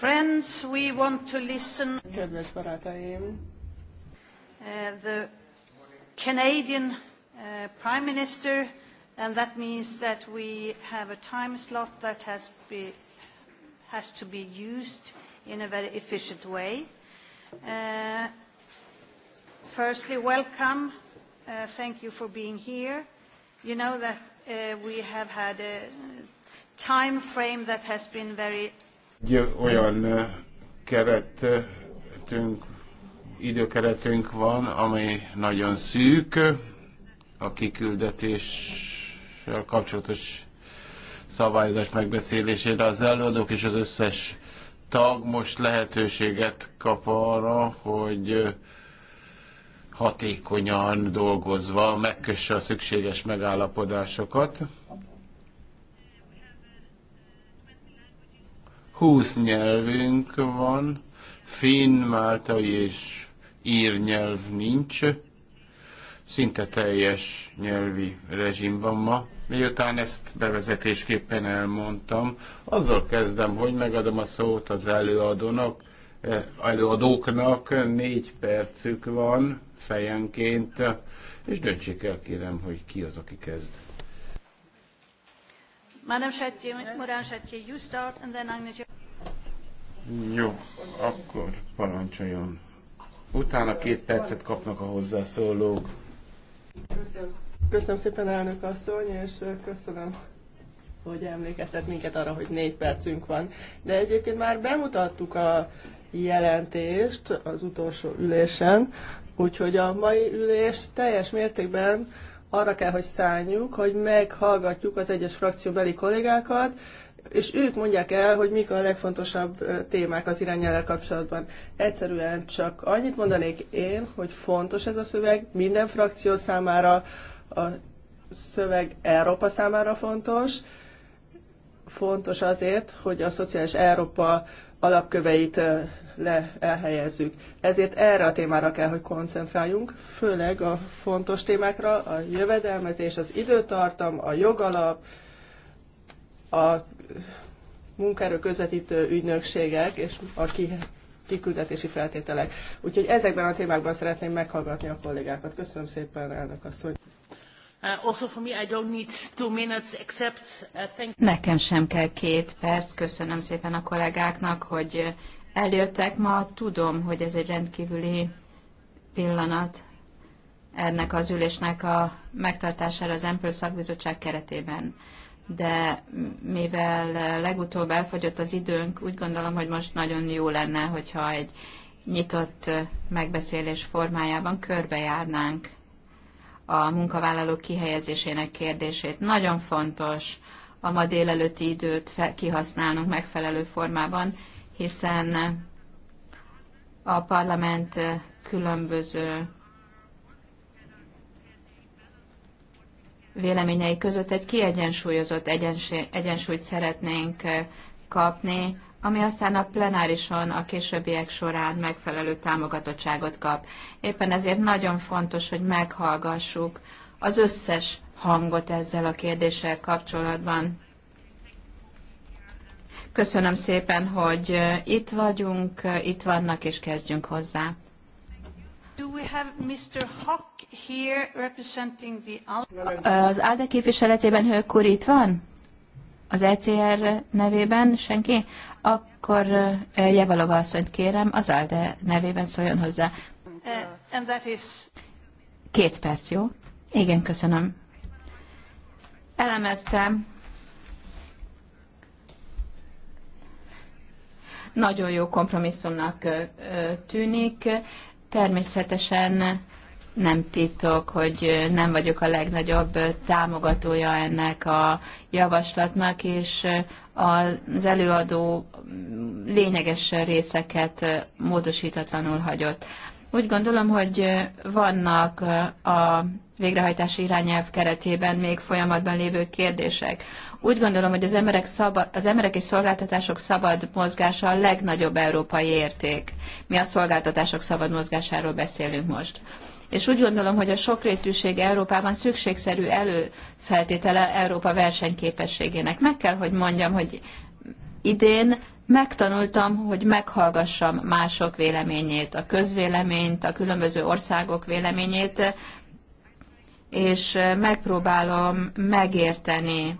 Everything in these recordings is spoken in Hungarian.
Friends, we want to listen. Uh, Kedves barátaim. Uh, the Canadian uh, Prime Minister, and that means that we have a time slot that has, be, has to be used in a very efficient way. Uh, firstly, welcome. Uh, thank you for being here. You know that uh, we have had a time frame that has been very egy olyan keretünk, időkeretünk van, ami nagyon szűk, a kiküldetéssel kapcsolatos szabályozás megbeszélésére az előadók és az összes tag most lehetőséget kap arra, hogy hatékonyan dolgozva megkösse a szükséges megállapodásokat. 20 nyelvünk van, finn, máltai és ír nyelv nincs, szinte teljes nyelvi rezsim van ma. Miután ezt bevezetésképpen elmondtam, azzal kezdem, hogy megadom a szót az előadónak, eh, előadóknak, négy percük van fejenként, és döntsék el kérem, hogy ki az, aki kezd. Madame Chatier, Morán Chatier, you start, and then Agnes... Jó, akkor parancsoljon. Utána két percet kapnak a hozzászólók. Köszönöm, köszönöm szépen, elnök asszony, és köszönöm hogy emlékeztet minket arra, hogy négy percünk van. De egyébként már bemutattuk a jelentést az utolsó ülésen, úgyhogy a mai ülés teljes mértékben arra kell, hogy szálljuk, hogy meghallgatjuk az egyes frakcióbeli kollégákat, és ők mondják el, hogy mik a legfontosabb témák az irányelel kapcsolatban. Egyszerűen csak annyit mondanék én, hogy fontos ez a szöveg, minden frakció számára a szöveg Európa számára fontos, fontos azért, hogy a szociális Európa alapköveit le elhelyezzük. Ezért erre a témára kell, hogy koncentráljunk, főleg a fontos témákra, a jövedelmezés, az időtartam, a jogalap, a munkaerő közvetítő ügynökségek és a kiküldetési feltételek. Úgyhogy ezekben a témákban szeretném meghallgatni a kollégákat. Köszönöm szépen, elnök asszony. Uh, uh, Nekem sem kell két perc. Köszönöm szépen a kollégáknak, hogy eljöttek ma, tudom, hogy ez egy rendkívüli pillanat ennek az ülésnek a megtartására az Empől szakbizottság keretében. De mivel legutóbb elfogyott az időnk, úgy gondolom, hogy most nagyon jó lenne, hogyha egy nyitott megbeszélés formájában körbejárnánk a munkavállalók kihelyezésének kérdését. Nagyon fontos a ma délelőtti időt kihasználnunk megfelelő formában, hiszen a parlament különböző véleményei között egy kiegyensúlyozott egyensúlyt szeretnénk kapni, ami aztán a plenárison a későbbiek során megfelelő támogatottságot kap. Éppen ezért nagyon fontos, hogy meghallgassuk az összes hangot ezzel a kérdéssel kapcsolatban. Köszönöm szépen, hogy itt vagyunk, itt vannak, és kezdjünk hozzá. The... Az ALDE képviseletében Hők úr itt van? Az ECR nevében senki? Akkor Jevalova asszonyt kérem, az ALDE nevében szóljon hozzá. Eh, is... Két perc, jó? Igen, köszönöm. Elemeztem nagyon jó kompromisszumnak tűnik. Természetesen nem titok, hogy nem vagyok a legnagyobb támogatója ennek a javaslatnak, és az előadó mm, lényeges részeket módosítatlanul hagyott. Úgy gondolom, hogy vannak a végrehajtási irányelv keretében még folyamatban lévő kérdések, úgy gondolom, hogy az emberek, szabad, az emberek és szolgáltatások szabad mozgása a legnagyobb európai érték. Mi a szolgáltatások szabad mozgásáról beszélünk most. És úgy gondolom, hogy a sokrétűség Európában szükségszerű előfeltétele Európa versenyképességének. Meg kell, hogy mondjam, hogy idén megtanultam, hogy meghallgassam mások véleményét, a közvéleményt, a különböző országok véleményét, és megpróbálom megérteni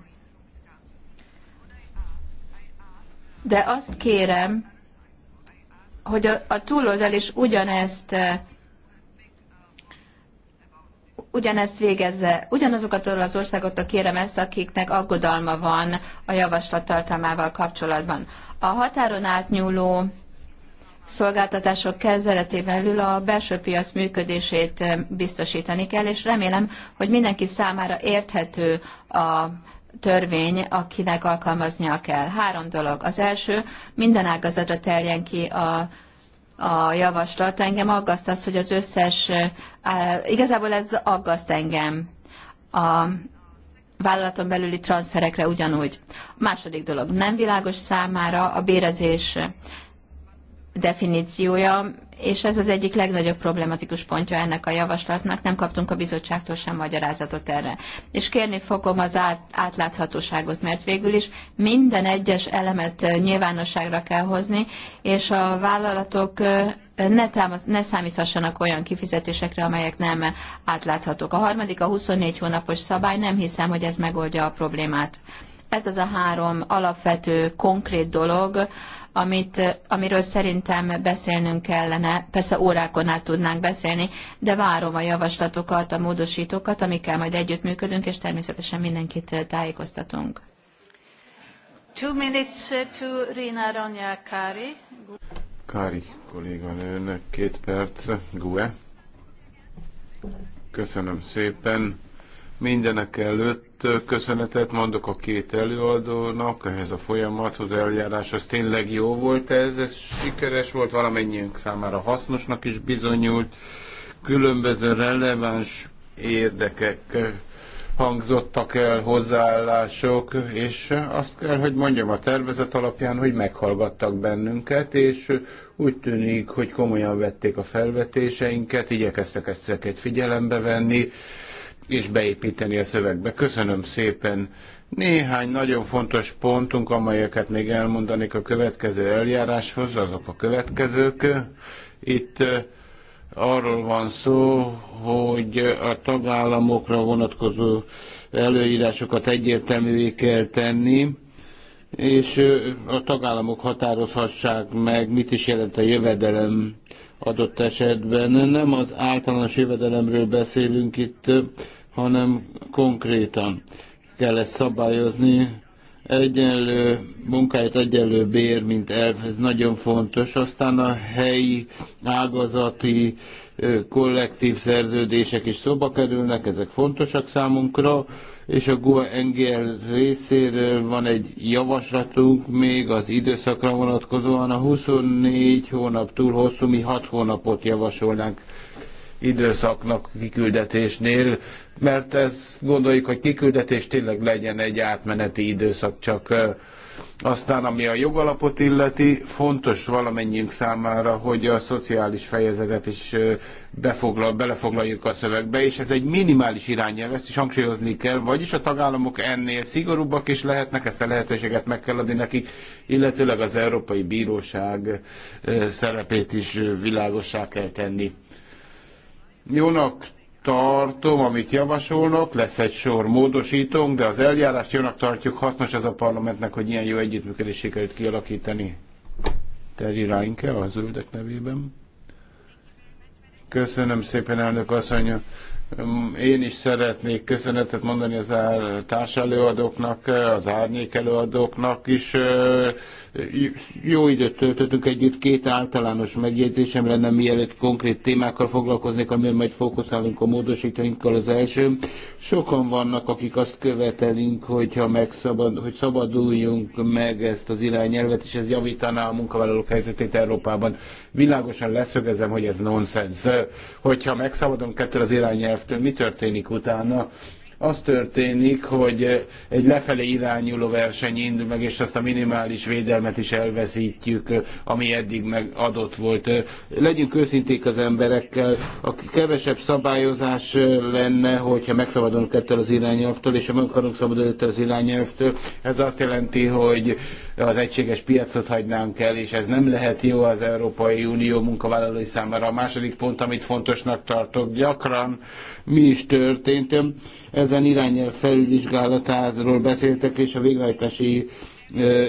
de azt kérem, hogy a, a túloldal is ugyanezt eh, ugyanezt végezze. Ugyanazokat az országoktól kérem ezt, akiknek aggodalma van a javaslat tartalmával kapcsolatban. A határon átnyúló szolgáltatások kezeletében belül a belső piac működését eh, biztosítani kell, és remélem, hogy mindenki számára érthető a törvény, akinek alkalmaznia kell. Három dolog. Az első, minden ágazatra terjen ki a, a javaslat. Engem aggaszt az, hogy az összes, igazából ez aggaszt engem. A, vállalaton belüli transferekre ugyanúgy. A második dolog, nem világos számára a bérezés definíciója, és ez az egyik legnagyobb problematikus pontja ennek a javaslatnak, nem kaptunk a bizottságtól sem magyarázatot erre. És kérni fogom az átláthatóságot, mert végül is minden egyes elemet nyilvánosságra kell hozni, és a vállalatok ne, támasz, ne számíthassanak olyan kifizetésekre, amelyek nem átláthatók. A harmadik, a 24 hónapos szabály, nem hiszem, hogy ez megoldja a problémát ez az a három alapvető, konkrét dolog, amit, amiről szerintem beszélnünk kellene, persze órákon át tudnánk beszélni, de várom a javaslatokat, a módosítókat, amikkel majd együttműködünk, és természetesen mindenkit tájékoztatunk. Two minutes uh, to Rina Ronja Kari. Kári kolléganőnek, két percre. Gue. Köszönöm szépen. Mindenek előtt köszönetet mondok a két előadónak, ehhez a folyamathoz, eljárás, az tényleg jó volt ez, ez sikeres volt, valamennyiünk számára hasznosnak is bizonyult, különböző releváns érdekek hangzottak el hozzáállások, és azt kell, hogy mondjam a tervezet alapján, hogy meghallgattak bennünket, és úgy tűnik, hogy komolyan vették a felvetéseinket, igyekeztek ezt figyelembe venni, és beépíteni a szövegbe. Köszönöm szépen. Néhány nagyon fontos pontunk, amelyeket még elmondanék a következő eljáráshoz, azok a következők. Itt eh, arról van szó, hogy a tagállamokra vonatkozó előírásokat egyértelművé kell tenni, és eh, a tagállamok határozhassák meg, mit is jelent a jövedelem adott esetben. Nem az általános jövedelemről beszélünk itt, hanem konkrétan kell ezt szabályozni. Egyenlő munkáját egyenlő bér, mint elv, ez nagyon fontos. Aztán a helyi ágazati kollektív szerződések is szóba kerülnek, ezek fontosak számunkra, és a GUA NGL részéről van egy javaslatunk még az időszakra vonatkozóan, a 24 hónap túl hosszú, mi 6 hónapot javasolnánk időszaknak kiküldetésnél, mert ez gondoljuk, hogy kiküldetés tényleg legyen egy átmeneti időszak, csak aztán ami a jogalapot illeti, fontos valamennyiünk számára, hogy a szociális fejezetet is befoglal, belefoglaljuk a szövegbe, és ez egy minimális irányelv, ezt is hangsúlyozni kell, vagyis a tagállamok ennél szigorúbbak is lehetnek, ezt a lehetőséget meg kell adni nekik, illetőleg az Európai Bíróság szerepét is világossá kell tenni jónak tartom, amit javasolnak, lesz egy sor módosítónk, de az eljárást jónak tartjuk, hasznos ez a parlamentnek, hogy ilyen jó együttműködés sikerült kialakítani. Terry Reinke a zöldek nevében. Köszönöm szépen, elnök asszony. Én is szeretnék köszönetet mondani az társ előadóknak, az árnyék előadóknak is. Jó időt töltöttünk együtt, két általános megjegyzésem lenne, mielőtt konkrét témákkal foglalkoznék, amiről majd fókuszálunk a módosítóinkkal az első. Sokan vannak, akik azt követelünk, hogyha megszabad, hogy szabaduljunk meg ezt az irányelvet, és ez javítaná a munkavállalók helyzetét Európában. Világosan leszögezem, hogy ez nonsens. Hogyha megszabadunk ettől az irányelv irányelvtől mi történik utána, az történik, hogy eh, egy lefelé irányuló verseny indul meg, és azt a minimális védelmet is elveszítjük, eh, ami eddig megadott volt. Eh, legyünk őszinték az emberekkel, a kevesebb szabályozás lenne, hogyha megszabadulunk ettől az irányelvtől, és ha meg akarunk szabadulni ettől az irányelvtől, ez azt jelenti, hogy az egységes piacot hagynánk el, és ez nem lehet jó az Európai Unió munkavállalói számára. A második pont, amit fontosnak tartok, gyakran mi is történt, ezen irányelv felülvizsgálatáról beszéltek, és a végrehajtási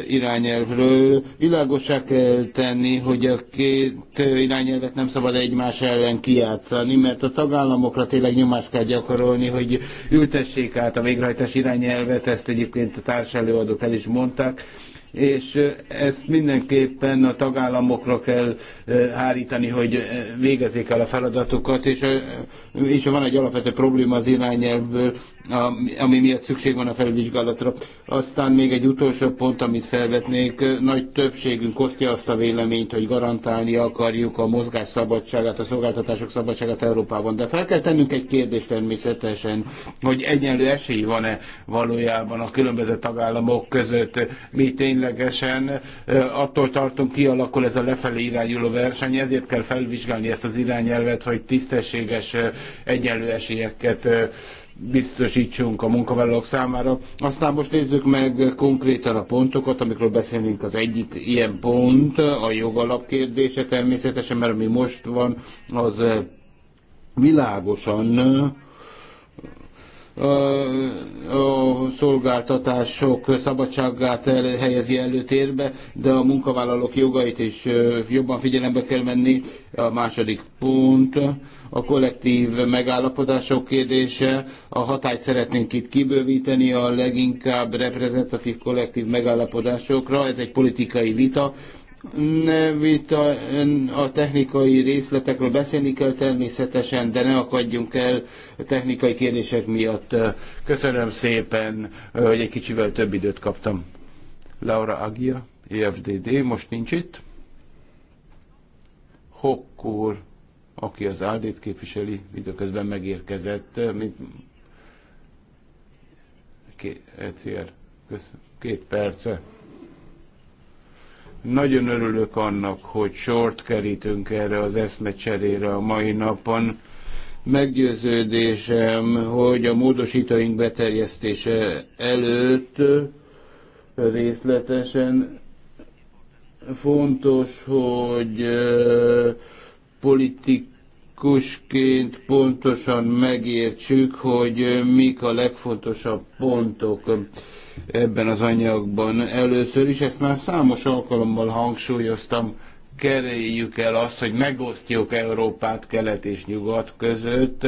irányelvről. Világosá kell tenni, hogy a két irányelvet nem szabad egymás ellen kijátszani, mert a tagállamokra tényleg nyomást kell gyakorolni, hogy ültessék át a végrehajtás irányelvet, ezt egyébként a társelőadók el is mondták, és ezt mindenképpen a tagállamokra kell hárítani, hogy végezzék el a feladatukat, és, és van egy alapvető probléma az irányelvből, ami miatt szükség van a felvizsgálatra. Aztán még egy utolsó pont, amit felvetnék, nagy többségünk osztja azt a véleményt, hogy garantálni akarjuk a mozgás szabadságát, a szolgáltatások szabadságát Európában. De fel kell tennünk egy kérdést természetesen, hogy egyenlő esély van-e valójában a különböző tagállamok között. Mi ténylegesen attól tartunk, kialakul ez a lefelé irányuló verseny, ezért kell felvizsgálni ezt az irányelvet, hogy tisztességes egyenlő esélyeket biztosítsunk a munkavállalók számára. Aztán most nézzük meg konkrétan a pontokat, amikről beszélnénk. Az egyik ilyen pont a jogalap kérdése természetesen, mert ami most van, az világosan a szolgáltatások szabadságát el, helyezi előtérbe, de a munkavállalók jogait is jobban figyelembe kell venni. A második pont a kollektív megállapodások kérdése. A hatályt szeretnénk itt kibővíteni a leginkább reprezentatív kollektív megállapodásokra. Ez egy politikai vita ne itt a technikai részletekről beszélni kell természetesen, de ne akadjunk el a technikai kérdések miatt. Köszönöm szépen, hogy egy kicsivel több időt kaptam. Laura Agia, EFDD, most nincs itt. Hokkor, aki az Áldét képviseli, időközben megérkezett, mint e köszönöm, Két perce. Nagyon örülök annak, hogy sort kerítünk erre az eszmecserére a mai napon. Meggyőződésem, hogy a módosítóink beterjesztése előtt részletesen fontos, hogy politikusként pontosan megértsük, hogy mik a legfontosabb pontok ebben az anyagban először is, ezt már számos alkalommal hangsúlyoztam, kerüljük el azt, hogy megosztjuk Európát kelet és nyugat között.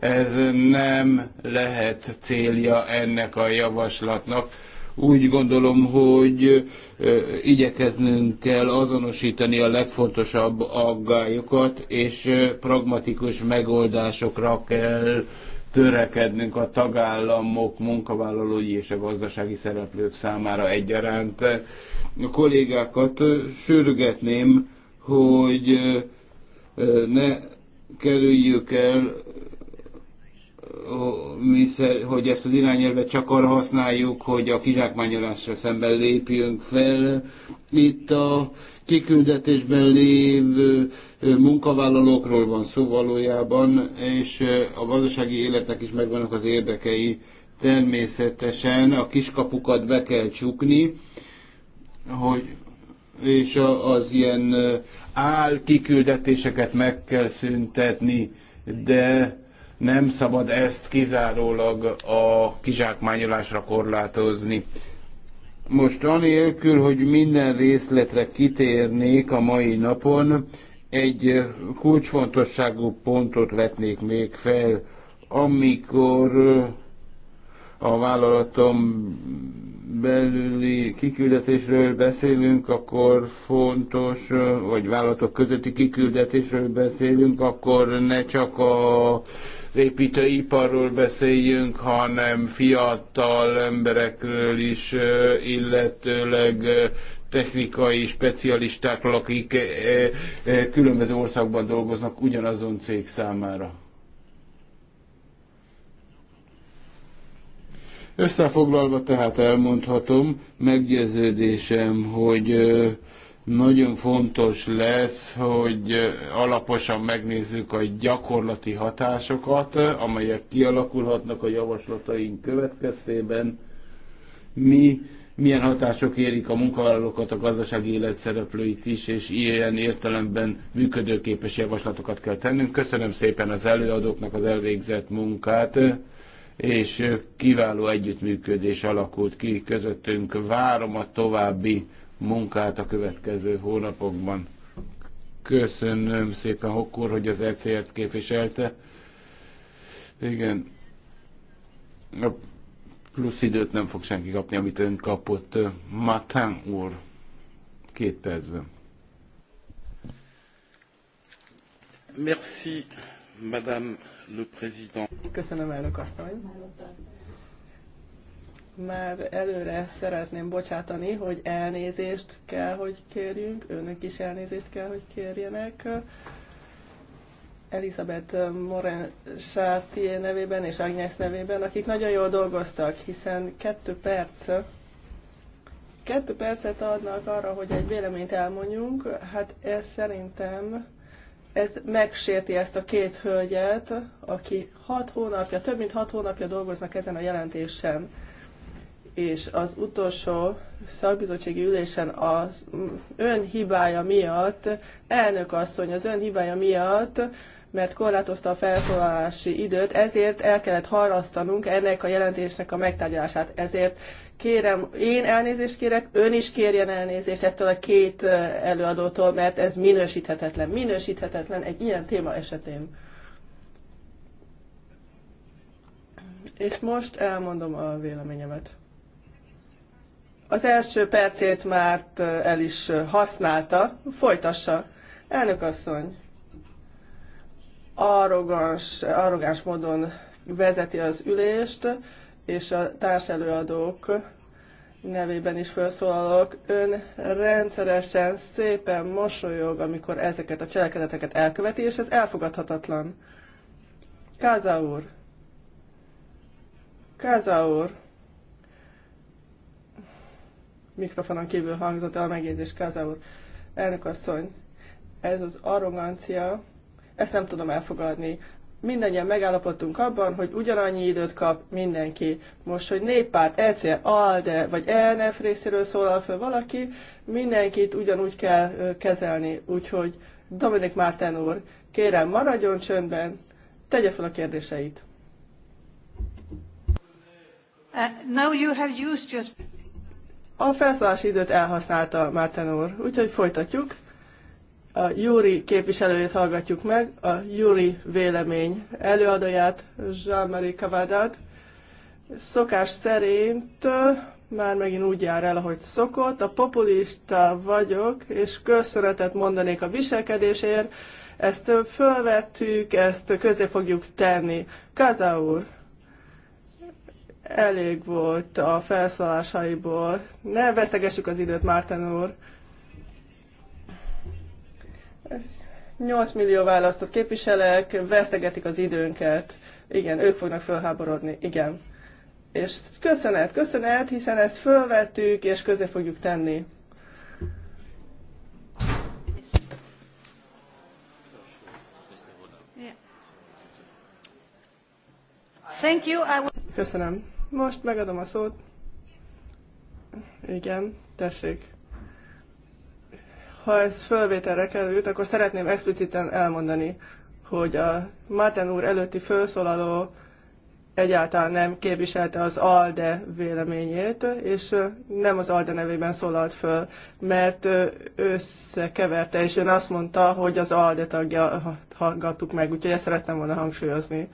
Ez nem lehet célja ennek a javaslatnak. Úgy gondolom, hogy igyekeznünk kell azonosítani a legfontosabb aggályokat, és pragmatikus megoldásokra kell törekednünk a tagállamok, munkavállalói és a gazdasági szereplők számára egyaránt. A kollégákat sürgetném, hogy eh, ne kerüljük el hogy ezt az irányelvet csak arra használjuk, hogy a kizsákmányolásra szemben lépjünk fel. Itt a kiküldetésben lévő munkavállalókról van szó valójában, és a gazdasági életnek is megvannak az érdekei. Természetesen a kiskapukat be kell csukni, hogy, és az ilyen áll kiküldetéseket meg kell szüntetni, de nem szabad ezt kizárólag a kizsákmányolásra korlátozni. Most anélkül, hogy minden részletre kitérnék a mai napon, egy kulcsfontosságú pontot vetnék még fel, amikor a vállalatom belüli kiküldetésről beszélünk, akkor fontos, vagy vállalatok közötti kiküldetésről beszélünk, akkor ne csak a építőiparról beszéljünk, hanem fiatal emberekről is, illetőleg technikai specialistákról, akik eh, eh, különböző országban dolgoznak ugyanazon cég számára. Összefoglalva tehát elmondhatom, meggyőződésem, hogy nagyon fontos lesz, hogy alaposan megnézzük a gyakorlati hatásokat, amelyek kialakulhatnak a javaslataink következtében. Mi milyen hatások érik a munkavállalókat, a gazdasági élet szereplőit is, és ilyen értelemben működőképes javaslatokat kell tennünk. Köszönöm szépen az előadóknak az elvégzett munkát és kiváló együttműködés alakult ki közöttünk. Várom a további munkát a következő hónapokban. Köszönöm szépen, Hokkor, hogy az ECR-t képviselte. Igen. A plusz időt nem fog senki kapni, amit ön kapott. Matán úr, két percben. Merci, madame le président. Köszönöm, elnök asszony. Már előre szeretném bocsátani, hogy elnézést kell, hogy kérjünk, önök is elnézést kell, hogy kérjenek. Elizabeth Moren Chartier nevében és Agnes nevében, akik nagyon jól dolgoztak, hiszen kettő perc kettő percet adnak arra, hogy egy véleményt elmondjunk, hát ez szerintem ez megsérti ezt a két hölgyet, aki hat hónapja, több mint hat hónapja dolgoznak ezen a jelentésen. És az utolsó szakbizottsági ülésen az ön hibája miatt, elnök asszony az ön hibája miatt mert korlátozta a felszólalási időt, ezért el kellett harrasztanunk ennek a jelentésnek a megtárgyalását. Ezért kérem, én elnézést kérek, ön is kérjen elnézést ettől a két előadótól, mert ez minősíthetetlen. Minősíthetetlen egy ilyen téma esetén. És most elmondom a véleményemet. Az első percét már el is használta. Folytassa. Elnök asszony, arrogáns, arrogáns módon vezeti az ülést, és a társelőadók nevében is felszólalok. Ön rendszeresen szépen mosolyog, amikor ezeket a cselekedeteket elköveti, és ez elfogadhatatlan. Káza úr! Káza úr! Mikrofonon kívül hangzott el a megjegyzés Káza úr. Elnök asszony, ez az arrogancia, ezt nem tudom elfogadni. Mindennyian megállapodtunk abban, hogy ugyanannyi időt kap mindenki. Most, hogy néppárt, ECR, ALDE vagy ELNF részéről szólal fel valaki, mindenkit ugyanúgy kell kezelni. Úgyhogy Dominik Márten úr, kérem maradjon csöndben, tegye fel a kérdéseit. Uh, now you have used your... A felszólási időt elhasználta Márten úr, úgyhogy folytatjuk. A Júri képviselőjét hallgatjuk meg, a Júri vélemény előadóját, Jean-Marie Cavadát. Szokás szerint már megint úgy jár el, ahogy szokott, a populista vagyok, és köszönetet mondanék a viselkedésért, ezt fölvettük, ezt közé fogjuk tenni. Kaza úr, elég volt a felszólásaiból. Ne vesztegessük az időt, Márten úr. 8 millió választott képviselek, vesztegetik az időnket. Igen, ők fognak fölháborodni, igen. És köszönet, köszönet, hiszen ezt fölvettük, és közé fogjuk tenni. Thank you. I Köszönöm. Most megadom a szót. Igen, tessék. Ha ez fölvételre került, akkor szeretném expliciten elmondani, hogy a Márten úr előtti felszólaló egyáltalán nem képviselte az ALDE véleményét, és nem az ALDE nevében szólalt föl, mert összekeverte, és ön azt mondta, hogy az ALDE tagja hallgattuk meg, úgyhogy ezt szerettem volna hangsúlyozni.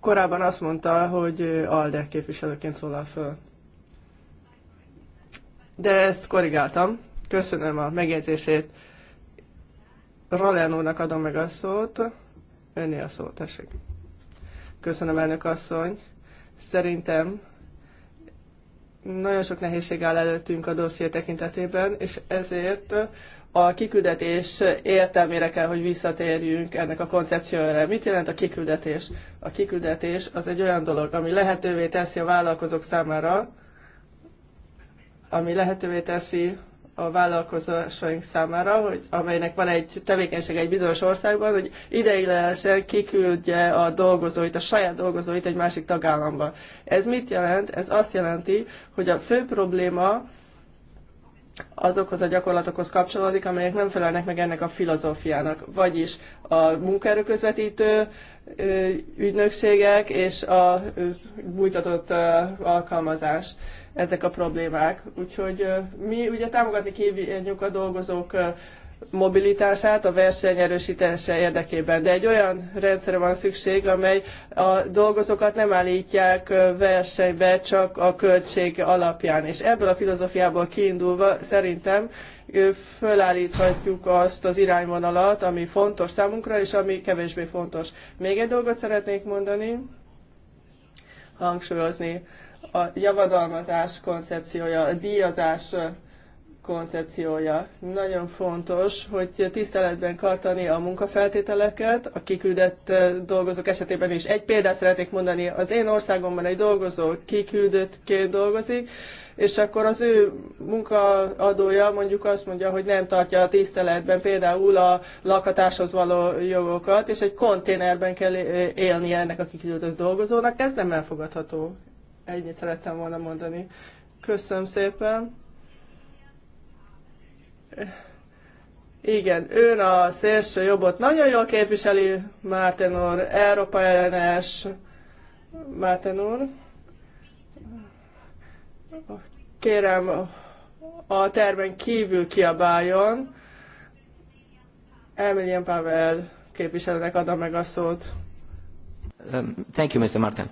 Korábban azt mondta, hogy ALDE képviselőként szólal föl. De ezt korrigáltam. Köszönöm a megjegyzését. Ralán úrnak adom meg a szót. Önné a szót, tessék. Köszönöm, elnök asszony. Szerintem nagyon sok nehézség áll előttünk a dosszié tekintetében, és ezért a kiküldetés értelmére kell, hogy visszatérjünk ennek a koncepcióra. Mit jelent a kiküldetés? A kiküldetés az egy olyan dolog, ami lehetővé teszi a vállalkozók számára, ami lehetővé teszi a vállalkozásaink számára, hogy amelynek van egy tevékenység egy bizonyos országban, hogy ideiglenesen kiküldje a dolgozóit, a saját dolgozóit egy másik tagállamba. Ez mit jelent? Ez azt jelenti, hogy a fő probléma azokhoz a gyakorlatokhoz kapcsolódik, amelyek nem felelnek meg ennek a filozófiának. Vagyis a munkaerőközvetítő ügynökségek és a bújtatott alkalmazás ezek a problémák. Úgyhogy mi ugye támogatni kívánjuk a dolgozók mobilitását a verseny erősítése érdekében. De egy olyan rendszerre van szükség, amely a dolgozókat nem állítják versenybe csak a költség alapján. És ebből a filozófiából kiindulva szerintem fölállíthatjuk azt az irányvonalat, ami fontos számunkra, és ami kevésbé fontos. Még egy dolgot szeretnék mondani, hangsúlyozni a javadalmazás koncepciója, a díjazás koncepciója. Nagyon fontos, hogy tiszteletben tartani a munkafeltételeket, a kiküldett eh, dolgozók esetében is. Egy példát szeretnék mondani, az én országomban egy dolgozó kiküldöttként dolgozik, és akkor az ő munkaadója mondjuk azt mondja, hogy nem tartja a tiszteletben például a lakatáshoz való jogokat, és egy konténerben kell eh, élnie ennek a kiküldött dolgozónak, ez nem elfogadható. Ennyit szerettem volna mondani. Köszönöm szépen. Igen, ön a szélső jobbot nagyon jól képviseli, Márten úr, Európa ellenes, Márten úr. Kérem, a termen kívül kiabáljon. Emilian Pavel képviselőnek adom meg a szót. Um, thank you, Mr. Martin.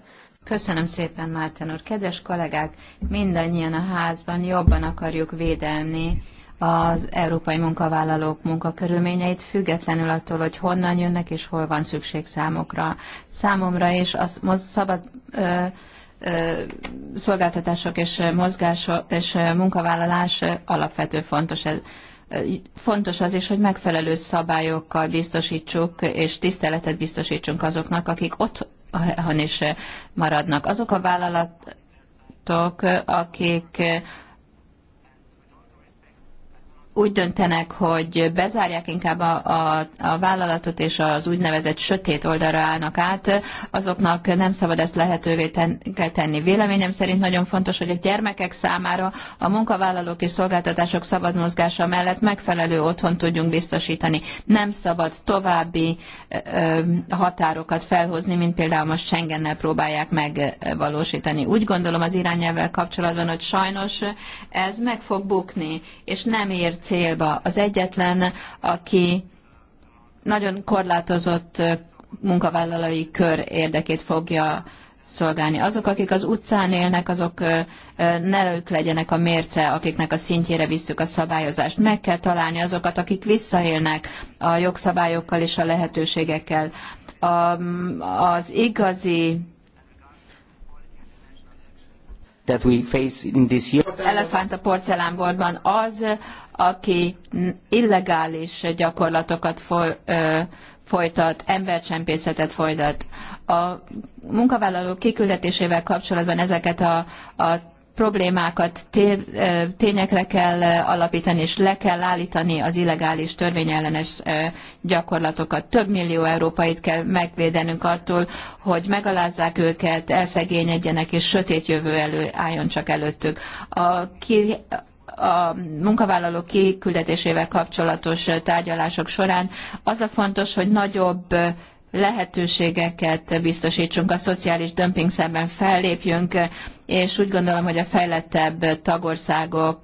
Köszönöm szépen, Márten úr. Kedves kollégák, mindannyian a házban jobban akarjuk védelni az európai munkavállalók munkakörülményeit, függetlenül attól, hogy honnan jönnek és hol van szükség számokra. Számomra és az szabad ö, ö, szolgáltatások és mozgás és munkavállalás alapvető fontos. Ez, fontos az is, hogy megfelelő szabályokkal biztosítsuk és tiszteletet biztosítsunk azoknak, akik ott han is maradnak. Azok a vállalatok, akik úgy döntenek, hogy bezárják inkább a, a, a vállalatot, és az úgynevezett sötét oldalra állnak át, azoknak nem szabad ezt lehetővé ten, kell tenni. Véleményem szerint nagyon fontos, hogy a gyermekek számára a munkavállalók és szolgáltatások szabad mozgása mellett megfelelő otthon tudjunk biztosítani. Nem szabad további ö, határokat felhozni, mint például most Schengennel próbálják megvalósítani. Úgy gondolom az irányelvvel kapcsolatban, hogy sajnos ez meg fog bukni, és nem ért célba. Az egyetlen, aki nagyon korlátozott munkavállalói kör érdekét fogja szolgálni. Azok, akik az utcán élnek, azok ne ők legyenek a mérce, akiknek a szintjére visszük a szabályozást. Meg kell találni azokat, akik visszaélnek a jogszabályokkal és a lehetőségekkel. A, az igazi that we face in this year. elefánt a porcelánboltban az, aki illegális gyakorlatokat folytat, embercsempészetet folytat. A munkavállalók kiküldetésével kapcsolatban ezeket a, a problémákat tér, tényekre kell alapítani, és le kell állítani az illegális törvényellenes gyakorlatokat. Több millió európait kell megvédenünk attól, hogy megalázzák őket, elszegényedjenek, és sötét jövő elő álljon csak előttük. A, ki, a munkavállalók kiküldetésével kapcsolatos tárgyalások során az a fontos, hogy nagyobb lehetőségeket biztosítsunk, a szociális dömping szemben fellépjünk, és úgy gondolom, hogy a fejlettebb tagországok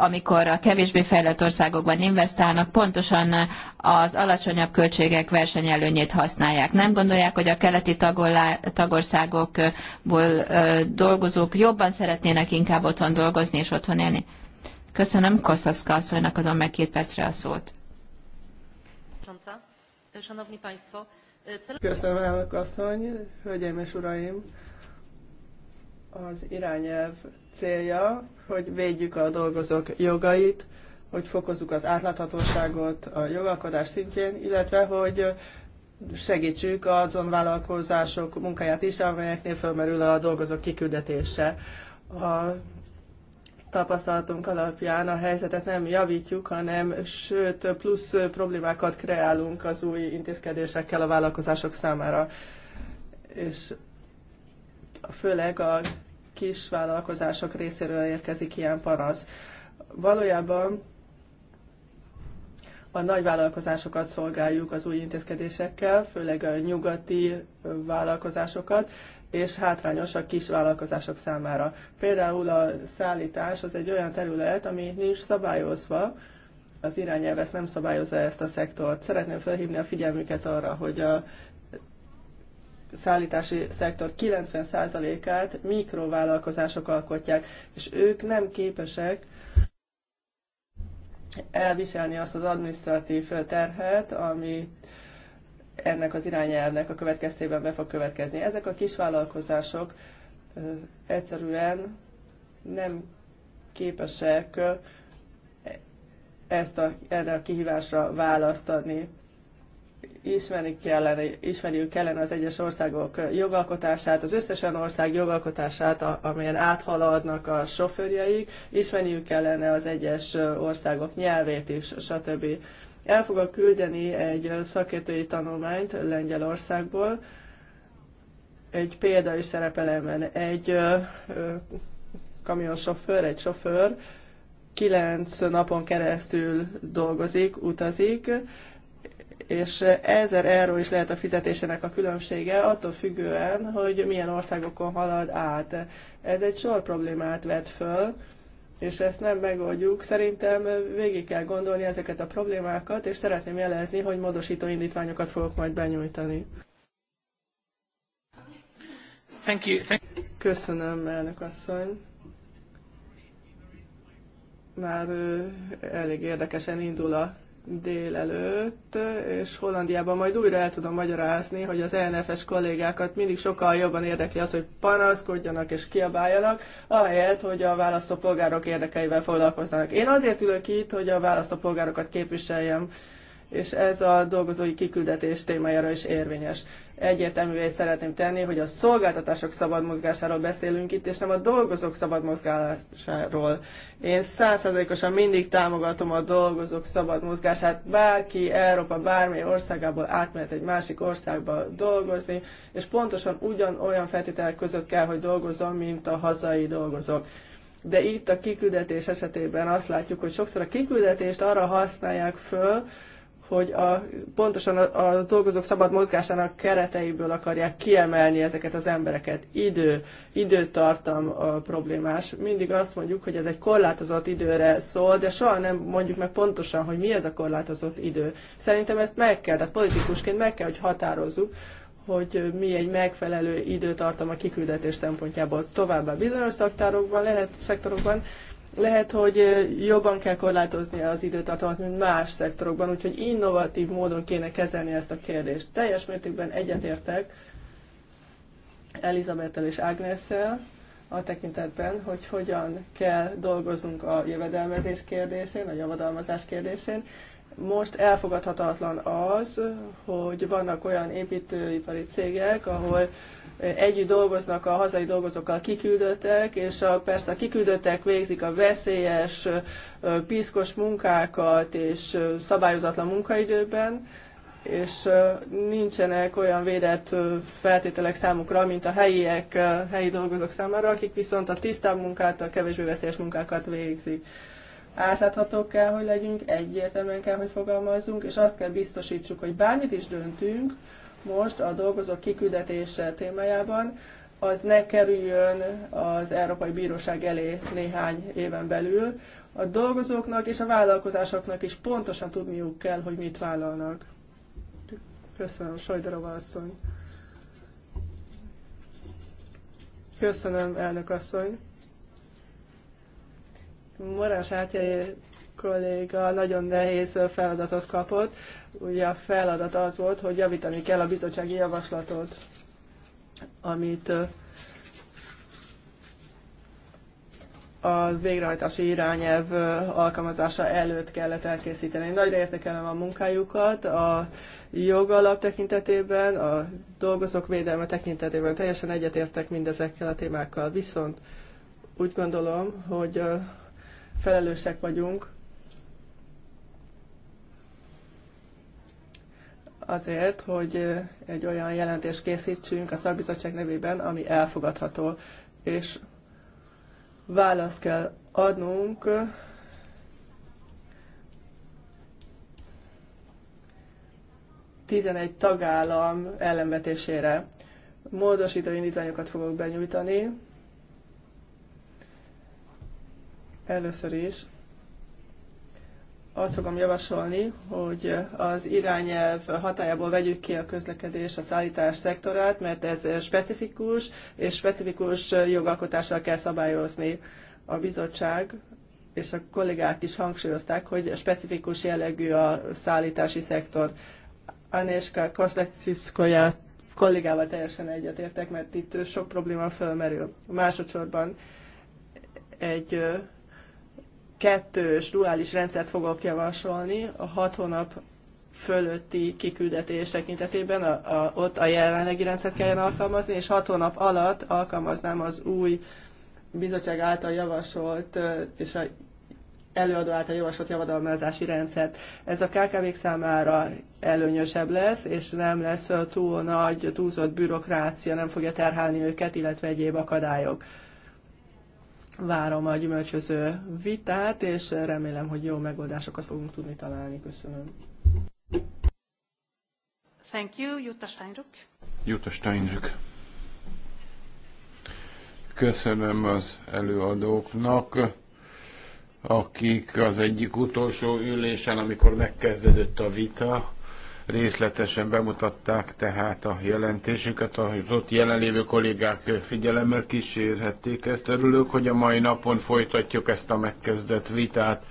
amikor a kevésbé fejlett országokban investálnak, pontosan az alacsonyabb költségek versenyelőnyét használják. Nem gondolják, hogy a keleti tagországokból dolgozók jobban szeretnének inkább otthon dolgozni és otthon élni? Köszönöm, Koszlavszka asszonynak adom meg két percre a szót. Szanowni Państwo, e, Köszönöm, elnök asszony, hölgyeim és uraim! Az irányelv célja, hogy védjük a dolgozók jogait, hogy fokozzuk az átláthatóságot a jogalkodás szintjén, illetve hogy segítsük azon vállalkozások munkáját is, amelyeknél felmerül a dolgozók kiküldetése. A tapasztalatunk alapján a helyzetet nem javítjuk, hanem sőt plusz problémákat kreálunk az új intézkedésekkel a vállalkozások számára. És főleg a kis vállalkozások részéről érkezik ilyen parasz. Valójában a nagy vállalkozásokat szolgáljuk az új intézkedésekkel, főleg a nyugati vállalkozásokat, és hátrányos a kis vállalkozások számára. Például a szállítás az egy olyan terület, ami nincs szabályozva, az irányelv ezt nem szabályozza ezt a szektort. Szeretném felhívni a figyelmüket arra, hogy a szállítási szektor 90%-át mikrovállalkozások alkotják, és ők nem képesek elviselni azt az administratív terhet, ami ennek az irányelvnek a következtében be fog következni. Ezek a kisvállalkozások egyszerűen nem képesek ezt a, erre a kihívásra választ adni. Ismerni kellene, ismerjük kellene az egyes országok jogalkotását, az összes olyan ország jogalkotását, amelyen áthaladnak a sofőrjeik, ismerniük kellene az egyes országok nyelvét is, stb. El fog küldeni egy szakértői tanulmányt Lengyelországból, egy példa is szerepel ebben. Egy kamionsofőr, egy sofőr kilenc napon keresztül dolgozik, utazik, és 1000 euró is lehet a fizetésének a különbsége, attól függően, hogy milyen országokon halad át. Ez egy sor problémát vet föl, és ezt nem megoldjuk. Szerintem végig kell gondolni ezeket a problémákat, és szeretném jelezni, hogy módosító indítványokat fogok majd benyújtani. Thank you. Thank you. Köszönöm, elnök asszony. Már elég érdekesen indul a délelőtt, és Hollandiában majd újra el tudom magyarázni, hogy az ENF-es kollégákat mindig sokkal jobban érdekli az, hogy panaszkodjanak és kiabáljanak, ahelyett, hogy a választópolgárok érdekeivel foglalkoznak. Én azért ülök itt, hogy a választópolgárokat képviseljem, és ez a dolgozói kiküldetés témájára is érvényes. Egyértelművé szeretném tenni, hogy a szolgáltatások szabad mozgásáról beszélünk itt, és nem a dolgozók szabad mozgásáról. Én százszerzalékosan mindig támogatom a dolgozók szabad mozgását. Bárki Európa bármely országából átmehet egy másik országba dolgozni, és pontosan ugyanolyan feltételek között kell, hogy dolgozzon, mint a hazai dolgozók de itt a kiküldetés esetében azt látjuk, hogy sokszor a kiküldetést arra használják föl, hogy a, pontosan a, a dolgozók szabad mozgásának kereteiből akarják kiemelni ezeket az embereket. Idő, időtartam a problémás. Mindig azt mondjuk, hogy ez egy korlátozott időre szól, de soha nem mondjuk meg pontosan, hogy mi ez a korlátozott idő. Szerintem ezt meg kell, tehát politikusként meg kell, hogy határozzuk, hogy mi egy megfelelő időtartam a kiküldetés szempontjából. Továbbá bizonyos szektorokban lehet szektorokban lehet, hogy jobban kell korlátozni az időtartalmat, mint más szektorokban, úgyhogy innovatív módon kéne kezelni ezt a kérdést. Teljes mértékben egyetértek Elizabettel és Ágnesszel a tekintetben, hogy hogyan kell dolgoznunk a jövedelmezés kérdésén, a javadalmazás kérdésén. Most elfogadhatatlan az, hogy vannak olyan építőipari cégek, ahol együtt dolgoznak a hazai dolgozókkal kiküldöttek, és a, persze a kiküldöttek végzik a veszélyes, piszkos munkákat és szabályozatlan munkaidőben, és nincsenek olyan védett feltételek számukra, mint a helyiek, helyi dolgozók számára, akik viszont a tisztább munkát, a kevésbé veszélyes munkákat végzik. Átláthatók kell, hogy legyünk, egyértelműen kell, hogy fogalmazzunk, és azt kell biztosítsuk, hogy bármit is döntünk, most a dolgozók kiküldetése témájában, az ne kerüljön az Európai Bíróság elé néhány éven belül. A dolgozóknak és a vállalkozásoknak is pontosan tudniuk kell, hogy mit vállalnak. Köszönöm, Sajderova asszony. Köszönöm, elnök asszony. Morás Átjai kolléga nagyon nehéz feladatot kapott ugye a feladat az volt, hogy javítani kell a bizottsági javaslatot, amit a végrehajtási irányelv alkalmazása előtt kellett elkészíteni. nagyra értékelem a munkájukat, a jogalap tekintetében, a dolgozók védelme tekintetében teljesen egyetértek mindezekkel a témákkal. Viszont úgy gondolom, hogy felelősek vagyunk azért, hogy egy olyan jelentést készítsünk a szakbizottság nevében, ami elfogadható, és választ kell adnunk tizenegy tagállam ellenvetésére. Módosító indítványokat fogok benyújtani. Először is azt fogom javasolni, hogy az irányelv hatájából vegyük ki a közlekedés, a szállítás szektorát, mert ez specifikus, és specifikus jogalkotással kell szabályozni. A bizottság és a kollégák is hangsúlyozták, hogy specifikus jellegű a szállítási szektor. Anéska Koszlecickoja kollégával teljesen egyetértek, mert itt sok probléma felmerül. Másodszorban egy kettős duális rendszert fogok javasolni, a hat hónap fölötti kiküldetés tekintetében a, a, ott a jelenlegi rendszert kelljen alkalmazni, és hat hónap alatt alkalmaznám az új bizottság által javasolt és a előadó által javasolt javadalmazási rendszert. Ez a kkv számára előnyösebb lesz, és nem lesz túl nagy, túlzott bürokrácia, nem fogja terhelni őket, illetve egyéb akadályok. Várom a gyümölcsöző vitát, és remélem, hogy jó megoldásokat fogunk tudni találni. Köszönöm. Thank you, Jutta Steinruck. Jutta Steinruck. Köszönöm az előadóknak akik az egyik utolsó ülésen, amikor megkezdődött a vita, részletesen bemutatták tehát a jelentésünket az ott jelenlévő kollégák figyelemmel kísérhették ezt. Örülök, hogy a mai napon folytatjuk ezt a megkezdett vitát.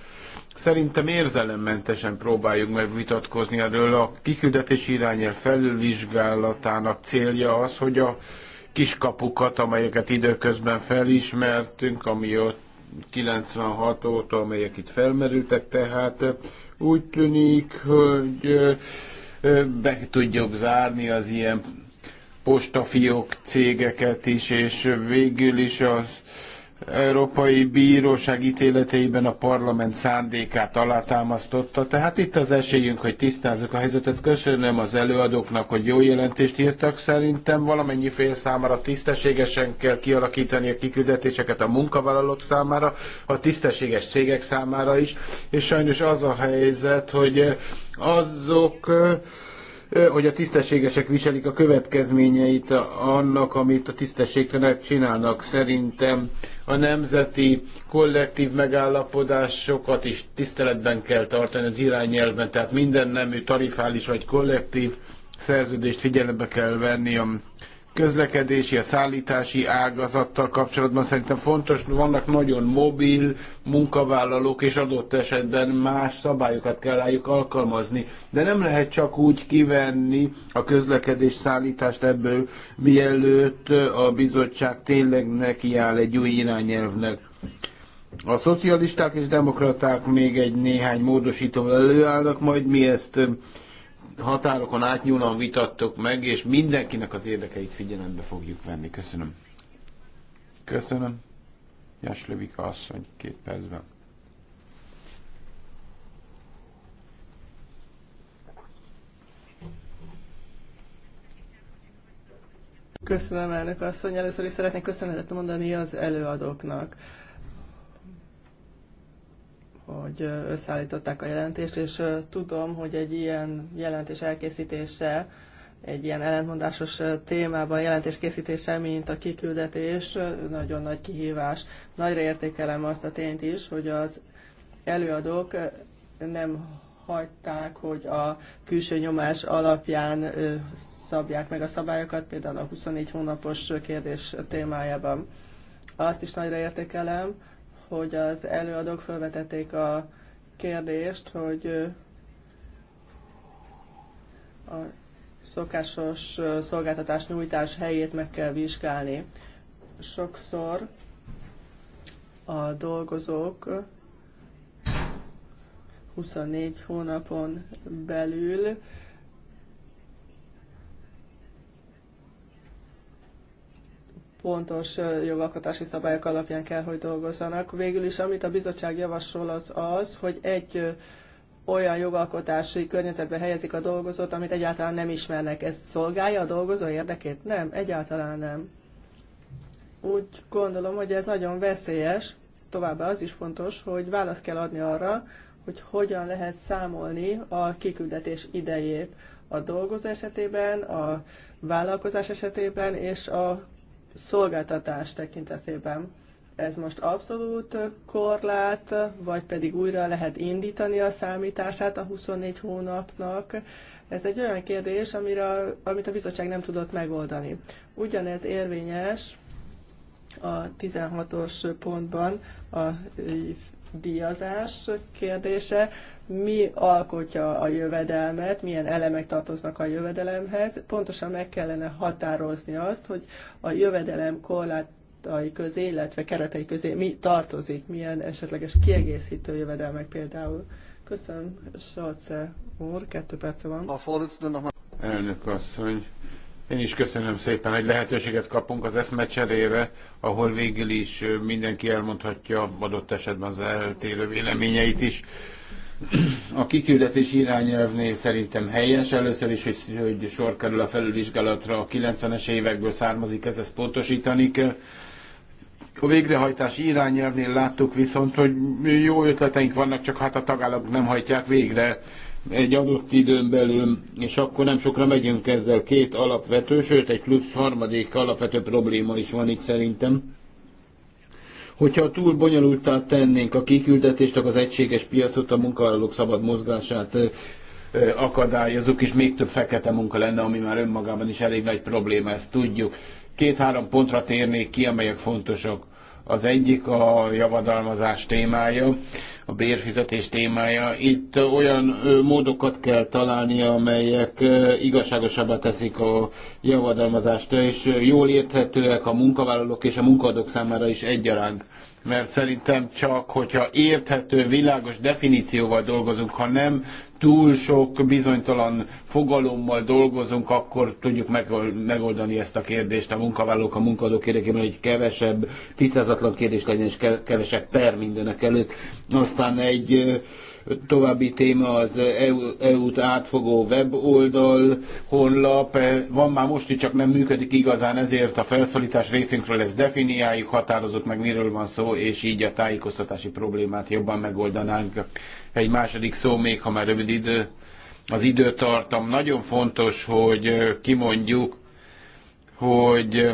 Szerintem érzelemmentesen próbáljuk meg vitatkozni erről. A kiküldetés irányel felülvizsgálatának célja az, hogy a kiskapukat, amelyeket időközben felismertünk, ami ott 96 óta, amelyek itt felmerültek, tehát úgy tűnik, hogy be tudjuk zárni az ilyen postafiók cégeket is, és végül is az Európai Bíróság ítéleteiben a parlament szándékát alátámasztotta. Tehát itt az esélyünk, hogy tisztázzuk a helyzetet. Köszönöm az előadóknak, hogy jó jelentést írtak. Szerintem valamennyi fél számára tisztességesen kell kialakítani a kiküldetéseket a munkavállalók számára, a tisztességes cégek számára is. És sajnos az a helyzet, hogy azok hogy a tisztességesek viselik a következményeit annak, amit a tisztességtelenek csinálnak. Szerintem a nemzeti kollektív megállapodásokat is tiszteletben kell tartani az irányelven, tehát minden nemű tarifális vagy kollektív szerződést figyelembe kell venni közlekedési, a szállítási ágazattal kapcsolatban szerintem fontos, vannak nagyon mobil munkavállalók, és adott esetben más szabályokat kell rájuk alkalmazni. De nem lehet csak úgy kivenni a közlekedés szállítást ebből, mielőtt a bizottság tényleg nekiáll egy új irányelvnek. A szocialisták és demokraták még egy néhány módosítóval előállnak, majd mi ezt határokon átnyúlóan vitattok meg, és mindenkinek az érdekeit figyelembe fogjuk venni. Köszönöm. Köszönöm. Jáslövika asszony, két percben. Köszönöm, elnök asszony. Először is szeretnék köszönetet mondani az előadóknak hogy összeállították a jelentést, és tudom, hogy egy ilyen jelentés elkészítése, egy ilyen ellentmondásos témában jelentés készítése, mint a kiküldetés, nagyon nagy kihívás. Nagyra értékelem azt a tényt is, hogy az előadók nem hagyták, hogy a külső nyomás alapján szabják meg a szabályokat, például a 24 hónapos kérdés témájában. Azt is nagyra értékelem, hogy az előadók felvetették a kérdést, hogy a szokásos szolgáltatás nyújtás helyét meg kell vizsgálni. Sokszor a dolgozók 24 hónapon belül pontos jogalkotási szabályok alapján kell, hogy dolgozzanak. Végül is, amit a bizottság javasol, az az, hogy egy olyan jogalkotási környezetbe helyezik a dolgozót, amit egyáltalán nem ismernek. Ez szolgálja a dolgozó érdekét? Nem, egyáltalán nem. Úgy gondolom, hogy ez nagyon veszélyes. Továbbá az is fontos, hogy választ kell adni arra, hogy hogyan lehet számolni a kiküldetés idejét a dolgozó esetében, a vállalkozás esetében és a szolgáltatás tekintetében. Ez most abszolút korlát, vagy pedig újra lehet indítani a számítását a 24 hónapnak. Ez egy olyan kérdés, amire, amit a bizottság nem tudott megoldani. Ugyanez érvényes a 16-os pontban a díjazás kérdése, mi alkotja a jövedelmet, milyen elemek tartoznak a jövedelemhez. Pontosan meg kellene határozni azt, hogy a jövedelem korlát közé, illetve keretei közé mi tartozik, milyen esetleges kiegészítő jövedelmek például. Köszönöm, Sorce úr, kettő perc van. A Elnök asszony, én is köszönöm szépen, hogy lehetőséget kapunk az eszmecserére, ahol végül is mindenki elmondhatja adott esetben az eltérő véleményeit is. A kiküldetés irányelvnél szerintem helyes. Először is, hogy, hogy sor kerül a felülvizsgálatra, a 90-es évekből származik, ez ezt pontosítani kell. A végrehajtási irányelvnél láttuk viszont, hogy jó ötleteink vannak, csak hát a tagállamok nem hajtják végre egy adott időn belül, és akkor nem sokra megyünk ezzel két alapvető, sőt egy plusz harmadik alapvető probléma is van itt szerintem. Hogyha túl bonyolultá tennénk a kiküldetést, akkor az egységes piacot, a munkavállalók szabad mozgását akadályozunk, és még több fekete munka lenne, ami már önmagában is elég nagy probléma, ezt tudjuk. Két-három pontra térnék ki, amelyek fontosak. Az egyik a javadalmazás témája a bérfizetés témája. Itt olyan módokat kell találni, amelyek igazságosabbá teszik a javadalmazást, és jól érthetőek a munkavállalók és a munkadók számára is egyaránt mert szerintem csak, hogyha érthető, világos definícióval dolgozunk, ha nem túl sok bizonytalan fogalommal dolgozunk, akkor tudjuk megoldani ezt a kérdést a munkavállalók, a munkadók érdekében, hogy kevesebb, tisztázatlan kérdés legyen, és kevesebb per mindenek előtt. Aztán egy További téma az EU, EU-t átfogó weboldal, honlap. Van már most, hogy csak nem működik igazán, ezért a felszólítás részünkről ezt definiáljuk, határozott meg miről van szó, és így a tájékoztatási problémát jobban megoldanánk. Egy második szó még, ha már rövid idő, az időtartam. Nagyon fontos, hogy kimondjuk, hogy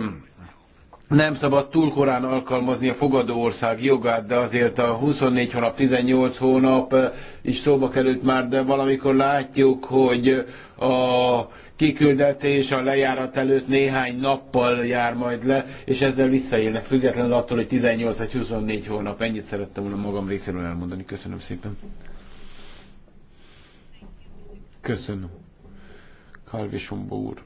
nem szabad túl korán alkalmazni a fogadó ország jogát, de azért a 24 hónap, 18 hónap eh, is szóba került már, de valamikor látjuk, hogy a kiküldetés a lejárat előtt néhány nappal jár majd le, és ezzel visszaélnek, függetlenül attól, hogy 18 vagy 24 hónap. Ennyit szerettem volna magam részéről elmondani. Köszönöm szépen. Köszönöm. Kalvi úr.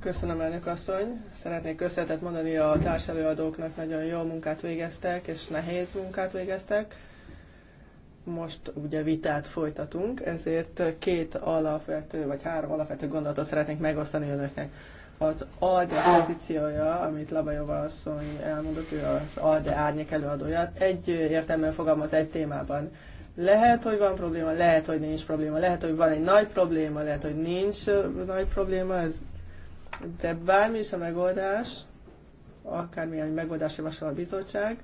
Köszönöm, elnök asszony. Szeretnék köszönetet mondani a társelőadóknak, nagyon jó munkát végeztek, és nehéz munkát végeztek. Most ugye vitát folytatunk, ezért két alapvető, vagy három alapvető gondolatot szeretnék megosztani önöknek. Az ALDE pozíciója, amit Labajova asszony elmondott, ő az ALDE árnyék előadója, egy értelműen fogalmaz egy témában. Lehet, hogy van probléma, lehet, hogy nincs probléma, lehet, hogy van egy nagy probléma, lehet, hogy nincs nagy probléma, ez de bármi is a megoldás, akármilyen megoldás javasol a bizottság,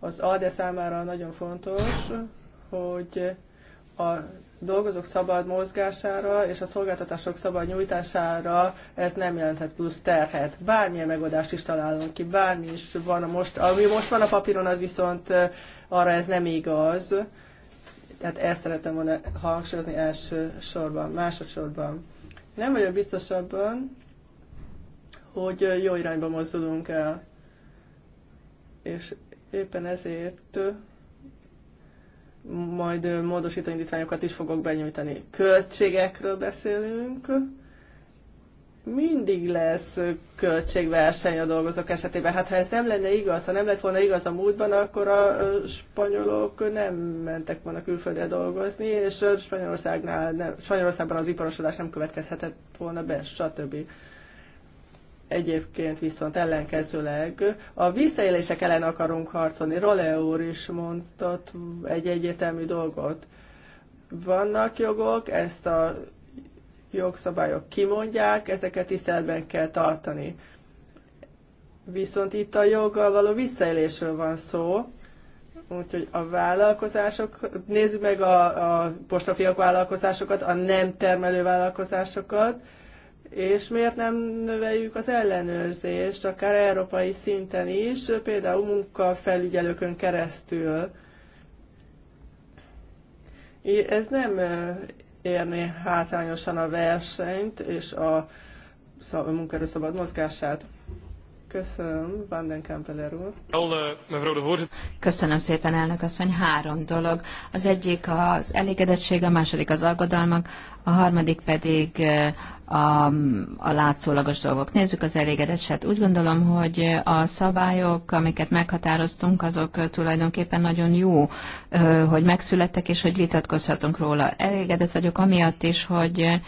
az ADE számára nagyon fontos, hogy a dolgozók szabad mozgására és a szolgáltatások szabad nyújtására ez nem jelenthet plusz terhet. Bármilyen megoldást is találunk ki, bármi is van a most, ami most van a papíron, az viszont arra ez nem igaz. Tehát ezt szeretem volna hangsúlyozni első sorban, másodszorban. Nem vagyok biztos abban, hogy jó irányba mozdulunk el. És éppen ezért majd módosító indítványokat is fogok benyújtani. Költségekről beszélünk. Mindig lesz költségverseny a dolgozók esetében. Hát ha ez nem lenne igaz, ha nem lett volna igaz a múltban, akkor a spanyolok nem mentek volna külföldre dolgozni, és Spanyolországnál, nem, Spanyolországban az iparosodás nem következhetett volna be, stb. Egyébként viszont ellenkezőleg a visszaélések ellen akarunk harcolni. Role úr is mondott egy egyértelmű dolgot. Vannak jogok, ezt a jogszabályok kimondják, ezeket tiszteletben kell tartani. Viszont itt a joggal való visszaélésről van szó, úgyhogy a vállalkozások, nézzük meg a, a postafiak vállalkozásokat, a nem termelő vállalkozásokat, és miért nem növeljük az ellenőrzést, akár európai szinten is, például munkafelügyelőkön keresztül. Ez nem érné hátrányosan a versenyt és a munkaerő szabad mozgását. Köszönöm, Van den úr. Eh, Köszönöm szépen, elnök asszony. Három dolog. Az egyik az elégedettség, a második az aggodalmak, a harmadik pedig eh, a, a látszólagos dolgok. Nézzük az elégedettséget. Úgy gondolom, hogy a szabályok, amiket meghatároztunk, azok tulajdonképpen nagyon jó, eh, hogy megszülettek, és hogy vitatkozhatunk róla. Elégedett vagyok amiatt is, hogy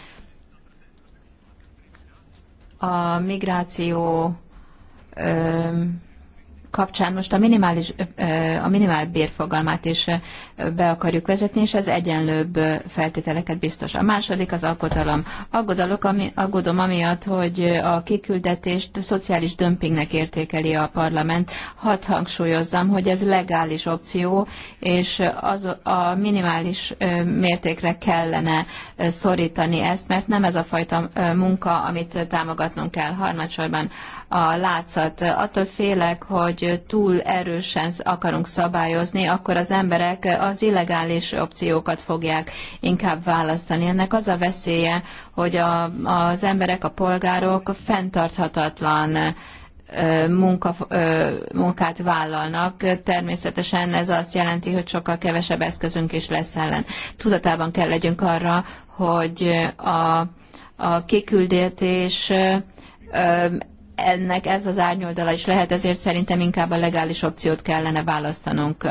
a migráció kapcsán most a minimális, a minimál bérfogalmát is be akarjuk vezetni, és ez egyenlőbb feltételeket biztos. A második az alkotalom. Aggodalok, ami, aggodom amiatt, hogy a kiküldetést szociális dömpingnek értékeli a parlament. Hadd hangsúlyozzam, hogy ez legális opció, és az a minimális mértékre kellene szorítani ezt, mert nem ez a fajta munka, amit támogatnunk kell harmadsorban a látszat. Attól félek, hogy túl erősen akarunk szabályozni, akkor az emberek az illegális opciókat fogják inkább választani. Ennek az a veszélye, hogy a, az emberek, a polgárok fenntarthatatlan munka, munkát vállalnak. Természetesen ez azt jelenti, hogy sokkal kevesebb eszközünk is lesz ellen. Tudatában kell legyünk arra, hogy a, a kiküldetés ennek ez az árnyoldala is lehet, ezért szerintem inkább a legális opciót kellene választanunk.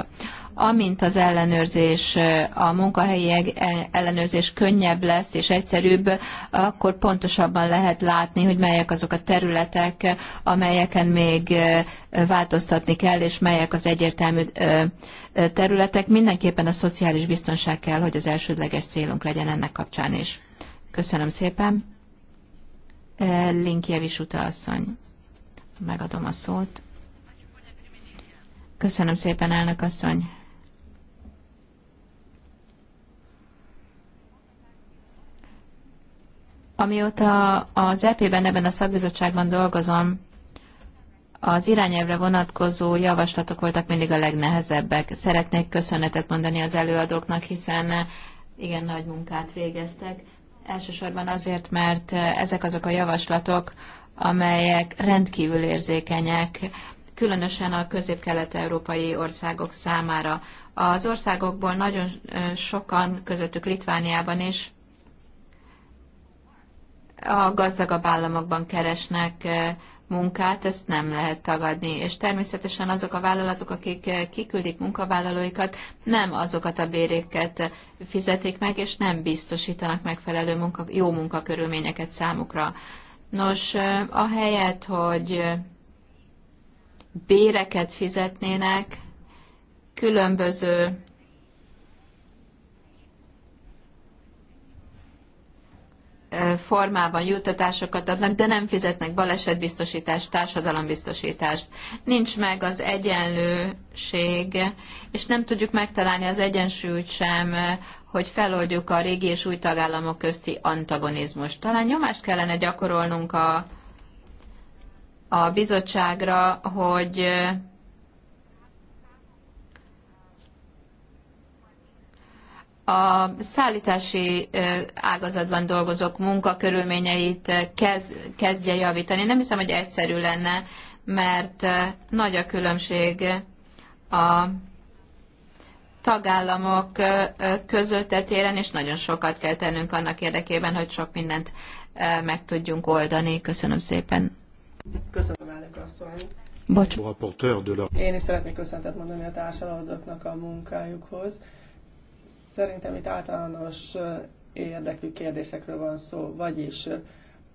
Amint az ellenőrzés, a munkahelyi e- ellenőrzés könnyebb lesz és egyszerűbb, akkor pontosabban lehet látni, hogy melyek azok a területek, amelyeken még e, változtatni kell, és melyek az egyértelmű e, területek. Mindenképpen a szociális biztonság kell, hogy az elsődleges célunk legyen ennek kapcsán is. Köszönöm szépen! Linkjevis utaasszony. Megadom a szót. Köszönöm szépen, elnök asszony. Amióta az EP-ben, ebben a szakbizottságban dolgozom, az irányelvre vonatkozó javaslatok voltak mindig a legnehezebbek. Szeretnék köszönetet mondani az előadóknak, hiszen igen nagy munkát végeztek. Elsősorban azért, mert eh, ezek azok a javaslatok, amelyek rendkívül érzékenyek, különösen a közép-kelet-európai országok számára. Az országokból nagyon eh, sokan, közöttük Litvániában is, a gazdagabb államokban keresnek eh, munkát, ezt nem lehet tagadni. És természetesen azok a vállalatok, akik eh, kiküldik munkavállalóikat, nem azokat a béréket eh, fizetik meg, és nem biztosítanak megfelelő munka, jó munkakörülményeket számukra. Nos, eh, a helyet, hogy béreket fizetnének, különböző formában juttatásokat adnak, de nem fizetnek balesetbiztosítást, társadalombiztosítást. Nincs meg az egyenlőség, és nem tudjuk megtalálni az egyensúlyt sem, hogy feloldjuk a régi és új tagállamok közti antagonizmust. Talán nyomást kellene gyakorolnunk a, a bizottságra, hogy a szállítási ágazatban dolgozók munkakörülményeit kezdje javítani. Nem hiszem, hogy egyszerű lenne, mert nagy a különbség a tagállamok között e téren, és nagyon sokat kell tennünk annak érdekében, hogy sok mindent meg tudjunk oldani. Köszönöm szépen. Köszönöm, elnök asszony. Bocs. Én is szeretnék köszöntet mondani a társadalmatoknak a munkájukhoz Szerintem itt általános érdekű kérdésekről van szó, vagyis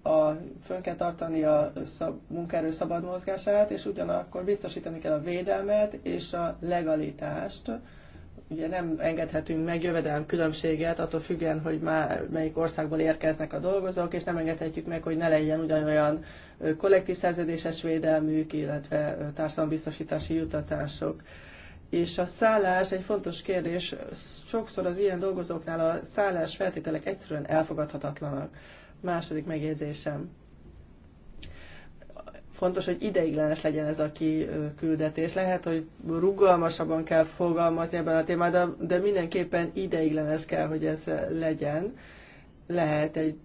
a, fönn kell tartani a szab, munkaerő szabad mozgását, és ugyanakkor biztosítani kell a védelmet és a legalitást. Ugye nem engedhetünk meg jövedelem különbséget, attól függően, hogy már melyik országból érkeznek a dolgozók, és nem engedhetjük meg, hogy ne legyen ugyanolyan kollektív szerződéses védelmük, illetve társadalombiztosítási jutatások és a szállás egy fontos kérdés. Sokszor az ilyen dolgozóknál a szállás feltételek egyszerűen elfogadhatatlanak. Második megjegyzésem. Fontos, hogy ideiglenes legyen ez a kiküldetés. Lehet, hogy rugalmasabban kell fogalmazni ebben a témában, de, de mindenképpen ideiglenes kell, hogy ez legyen. Lehet egy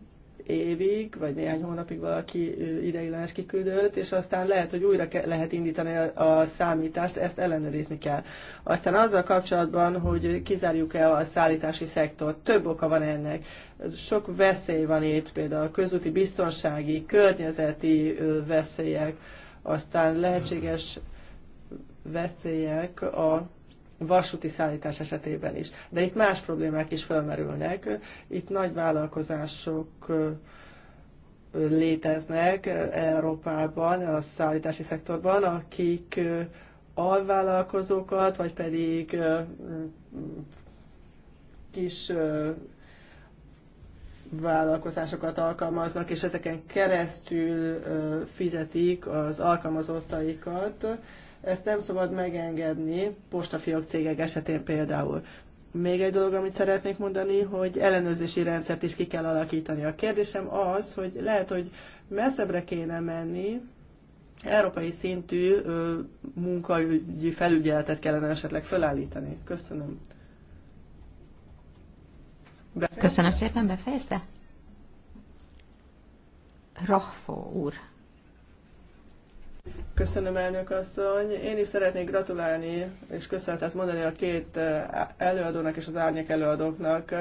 évig, vagy néhány hónapig valaki ideiglenes kiküldött, és aztán lehet, hogy újra lehet indítani a, a számítást, ezt ellenőrizni kell. Aztán azzal kapcsolatban, hogy kizárjuk-e a szállítási szektort, több oka van ennek. Sok veszély van itt, például a közúti biztonsági, környezeti veszélyek, aztán lehetséges veszélyek a vasúti szállítás esetében is. De itt más problémák is felmerülnek. Itt nagy vállalkozások léteznek Európában, a szállítási szektorban, akik alvállalkozókat, vagy pedig kis vállalkozásokat alkalmaznak, és ezeken keresztül fizetik az alkalmazottaikat ezt nem szabad megengedni, postafiók cégek esetén például. Még egy dolog, amit szeretnék mondani, hogy ellenőrzési rendszert is ki kell alakítani. A kérdésem az, hogy lehet, hogy messzebbre kéne menni, európai szintű ö, munkaügyi felügyeletet kellene esetleg felállítani. Köszönöm. Befejezte? Köszönöm szépen, befejezte? Rahfó úr. Köszönöm, elnök asszony. Én is szeretnék gratulálni és köszönetet mondani a két eh, előadónak és az árnyék előadóknak.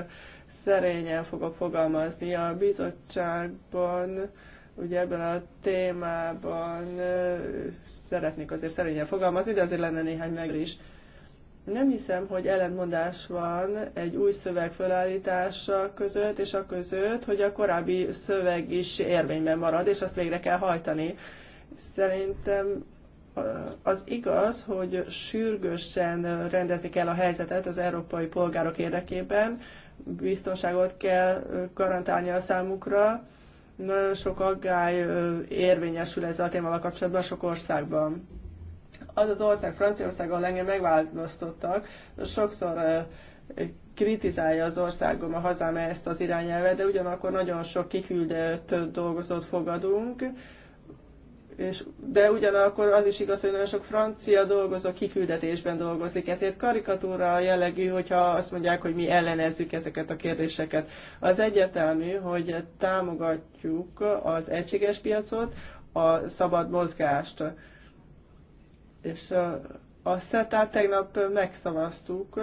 Szerényen fogok fogalmazni. A bizottságban, ugye ebben a témában eh, szeretnék azért szerényen fogalmazni, de azért lenne néhány meg is. Nem hiszem, hogy ellentmondás van egy új szöveg fölállítása között, és a között, hogy a korábbi szöveg is érvényben marad, és azt végre kell hajtani Szerintem az igaz, hogy sürgősen rendezni kell a helyzetet az európai polgárok érdekében, biztonságot kell garantálni a számukra. Nagyon sok aggály érvényesül ezzel a témával kapcsolatban sok országban. Az az ország, Franciaország, ahol engem megváltoztottak, sokszor kritizálja az országom, a hazám ezt az irányelvet, de ugyanakkor nagyon sok kiküldött dolgozót fogadunk, és, de ugyanakkor az is igaz, hogy nagyon sok francia dolgozó kiküldetésben dolgozik, ezért karikatúra jellegű, hogyha azt mondják, hogy mi ellenezzük ezeket a kérdéseket. Az egyértelmű, hogy támogatjuk az egységes piacot, a szabad mozgást. És a, a szetát tegnap megszavaztuk,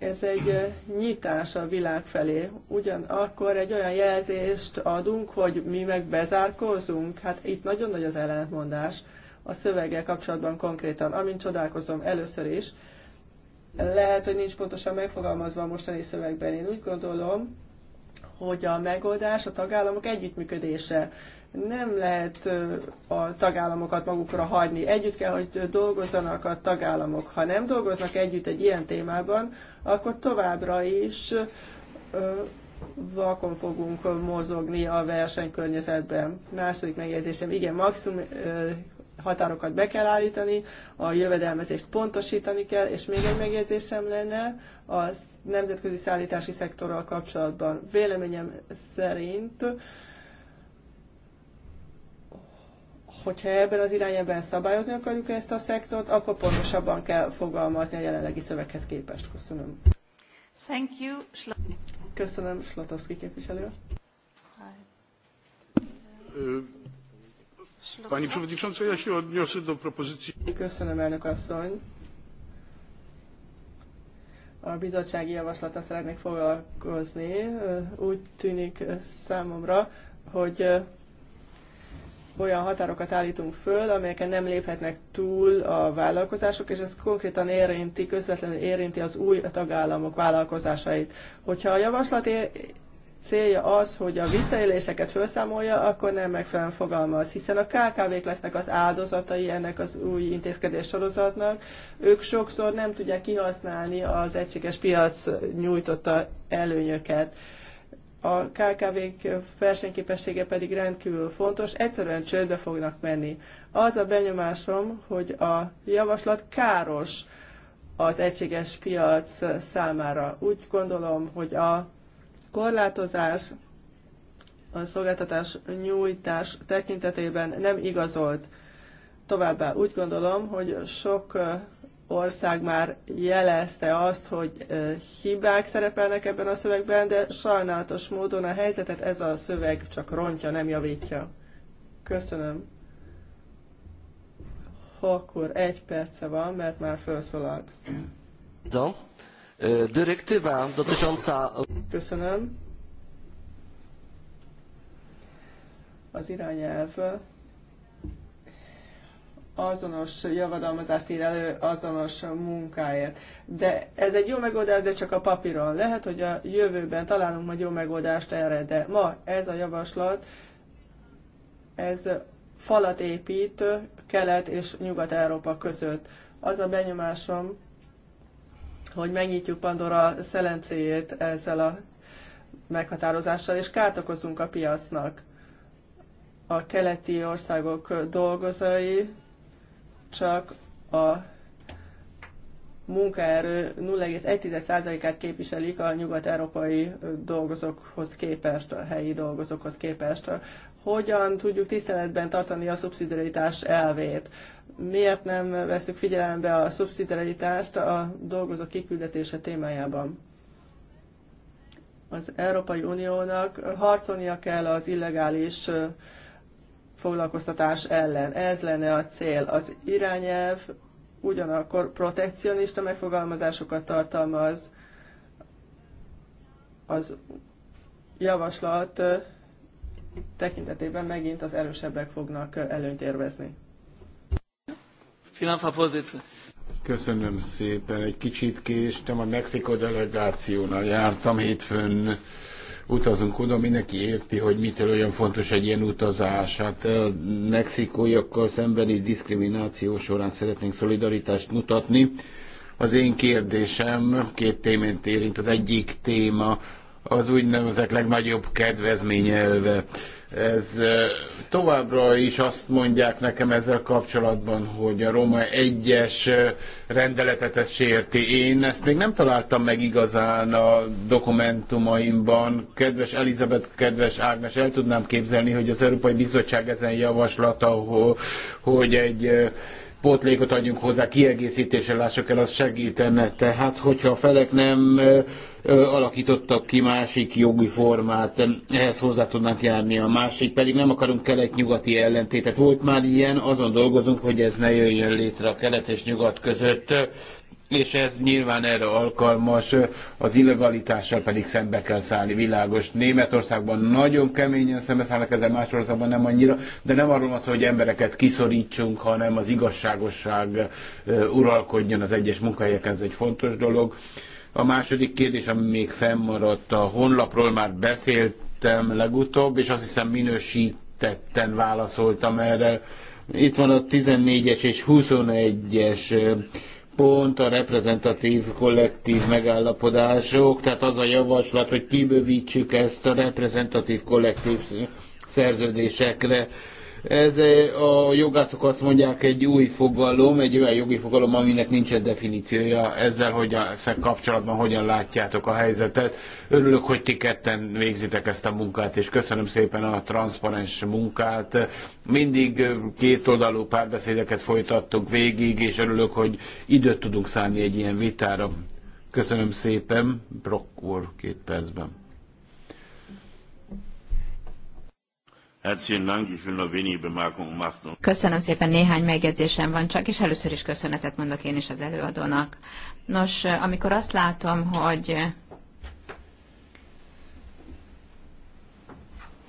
ez egy nyitás a világ felé. Ugyanakkor egy olyan jelzést adunk, hogy mi meg bezárkózunk. Hát itt nagyon nagy az ellentmondás a szöveggel kapcsolatban konkrétan, amint csodálkozom először is. Lehet, hogy nincs pontosan megfogalmazva a mostani szövegben. Én úgy gondolom, hogy a megoldás a tagállamok együttműködése. Nem lehet a tagállamokat magukra hagyni. Együtt kell, hogy dolgozzanak a tagállamok. Ha nem dolgoznak együtt egy ilyen témában, akkor továbbra is vakon fogunk mozogni a versenykörnyezetben. Második megjegyzésem, igen, maximum határokat be kell állítani, a jövedelmezést pontosítani kell, és még egy megjegyzésem lenne, az nemzetközi szállítási szektorral kapcsolatban. Véleményem szerint hogyha ebben az irányában szabályozni akarjuk ezt a szektort, akkor pontosabban kell fogalmazni a jelenlegi szöveghez képest. Köszönöm. Thank you. Köszönöm, Slotowski képviselő. Pani Przewodnicząca, ja się odniosę do propozycji. Köszönöm, elnök asszony a bizottsági javaslata szeretnék foglalkozni. Úgy tűnik számomra, hogy olyan határokat állítunk föl, amelyeken nem léphetnek túl a vállalkozások, és ez konkrétan érinti, közvetlenül érinti az új tagállamok vállalkozásait. Hogyha a javaslat célja az, hogy a visszaéléseket felszámolja, akkor nem megfelelően fogalmaz, hiszen a KKV-k lesznek az áldozatai ennek az új intézkedés sorozatnak. Ők sokszor nem tudják kihasználni az egységes piac nyújtotta előnyöket. A KKV-k versenyképessége pedig rendkívül fontos, egyszerűen csődbe fognak menni. Az a benyomásom, hogy a javaslat káros az egységes piac számára. Úgy gondolom, hogy a korlátozás a szolgáltatás nyújtás tekintetében nem igazolt. Továbbá úgy gondolom, hogy sok ország már jelezte azt, hogy hibák szerepelnek ebben a szövegben, de sajnálatos módon a helyzetet ez a szöveg csak rontja, nem javítja. Köszönöm. Akkor egy perce van, mert már felszólalt. E, dyrektywa dotycząca... Köszönöm. Az irányelv azonos javadalmazást ír elő azonos munkáért. De ez egy jó megoldás, de csak a papíron. Lehet, hogy a jövőben találunk majd jó megoldást erre, de ma ez a javaslat, ez falat épít Kelet és Nyugat-Európa között. Az a benyomásom, hogy megnyitjuk Pandora szelencéjét ezzel a meghatározással, és kárt okozunk a piacnak. A keleti országok dolgozói csak a munkaerő 0,1%-át képviselik a nyugat-európai dolgozókhoz képest, a helyi dolgozókhoz képest. Hogyan tudjuk tiszteletben tartani a szubszidiaritás elvét? miért nem veszük figyelembe a szubszidiaritást a dolgozó kiküldetése témájában. Az Európai Uniónak harcolnia kell az illegális foglalkoztatás ellen. Ez lenne a cél. Az irányelv ugyanakkor protekcionista megfogalmazásokat tartalmaz. Az javaslat tekintetében megint az erősebbek fognak előnyt érvezni. Köszönöm szépen. Egy kicsit késtem, a Mexikó delegációnál jártam hétfőn. Utazunk oda, mindenki érti, hogy mitől olyan fontos egy ilyen utazás. Hát a eh, mexikóiakkal szembeni diszkrimináció során szeretnénk szolidaritást mutatni. Az én kérdésem két témát érint. Az egyik téma az úgynevezett legnagyobb kedvezményelve. Ez továbbra is azt mondják nekem ezzel kapcsolatban, hogy a Roma egyes rendeletet ez sérti. Én ezt még nem találtam meg igazán a dokumentumaimban. Kedves Elizabeth, kedves Ágnes, el tudnám képzelni, hogy az Európai Bizottság ezen javaslata, hogy egy pótlékot adjunk hozzá, kiegészítésre lássuk el, az segítene. Tehát, hogyha a felek nem alakítottak ki másik jogi formát, ehhez hozzá tudnánk járni a másik, pedig nem akarunk kelet-nyugati ellentétet. Volt már ilyen, azon dolgozunk, hogy ez ne jöjjön létre a kelet és nyugat között és ez nyilván erre alkalmas, az illegalitással pedig szembe kell szállni, világos. Németországban nagyon keményen szállnak, ezzel, más országban nem annyira, de nem arról van szó, hogy embereket kiszorítsunk, hanem az igazságosság uralkodjon az egyes munkahelyeken, ez egy fontos dolog. A második kérdés, ami még fennmaradt, a honlapról már beszéltem legutóbb, és azt hiszem minősítetten válaszoltam erre. Itt van a 14-es és 21-es pont a reprezentatív kollektív megállapodások, tehát az a javaslat, hogy kibővítsük ezt a reprezentatív kollektív szerződésekre. Ez eh, a jogászok azt mondják, egy új fogalom, egy olyan jogi fogalom, aminek nincsen definíciója. Ezzel hogy ezzel kapcsolatban hogyan látjátok a helyzetet? Örülök, hogy ti ketten végzitek ezt a munkát, és köszönöm szépen a transzparens munkát. Mindig eh, kétoldalú párbeszédeket folytattunk végig, és örülök, hogy időt tudunk szállni egy ilyen vitára. Köszönöm szépen, Brock úr, két percben. Köszönöm szépen, néhány megjegyzésem van csak, és először is köszönetet mondok én is az előadónak. Nos, amikor azt látom, hogy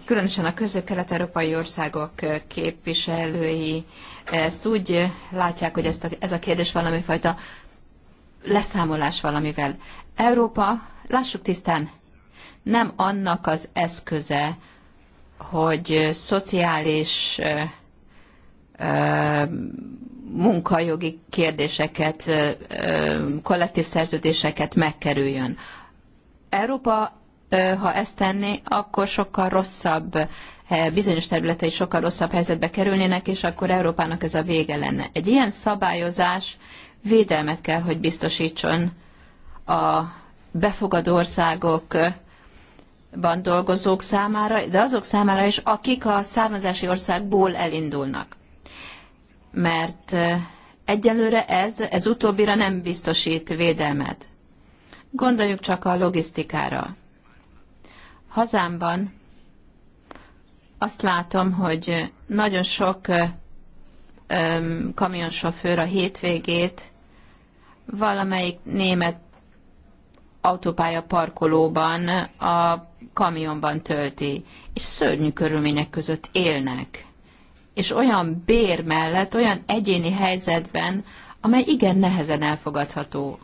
különösen a közép-kelet-európai országok képviselői ezt úgy látják, hogy ezt a, ez a kérdés valami fajta leszámolás valamivel. Európa, lássuk tisztán, nem annak az eszköze, hogy szociális munkajogi kérdéseket, kollektív szerződéseket megkerüljön. Európa, ha ezt tenné, akkor sokkal rosszabb, bizonyos területei sokkal rosszabb helyzetbe kerülnének, és akkor Európának ez a vége lenne. Egy ilyen szabályozás védelmet kell, hogy biztosítson a befogadó országok ban dolgozók számára, de azok számára is, akik a származási országból elindulnak. Mert egyelőre ez, ez utóbbira nem biztosít védelmet. Gondoljuk csak a logisztikára. Hazámban azt látom, hogy nagyon sok kamionsofőr a hétvégét valamelyik német autópálya parkolóban a kamionban tölti, és szörnyű körülmények között élnek. És olyan bér mellett, olyan egyéni helyzetben, amely igen nehezen elfogadható.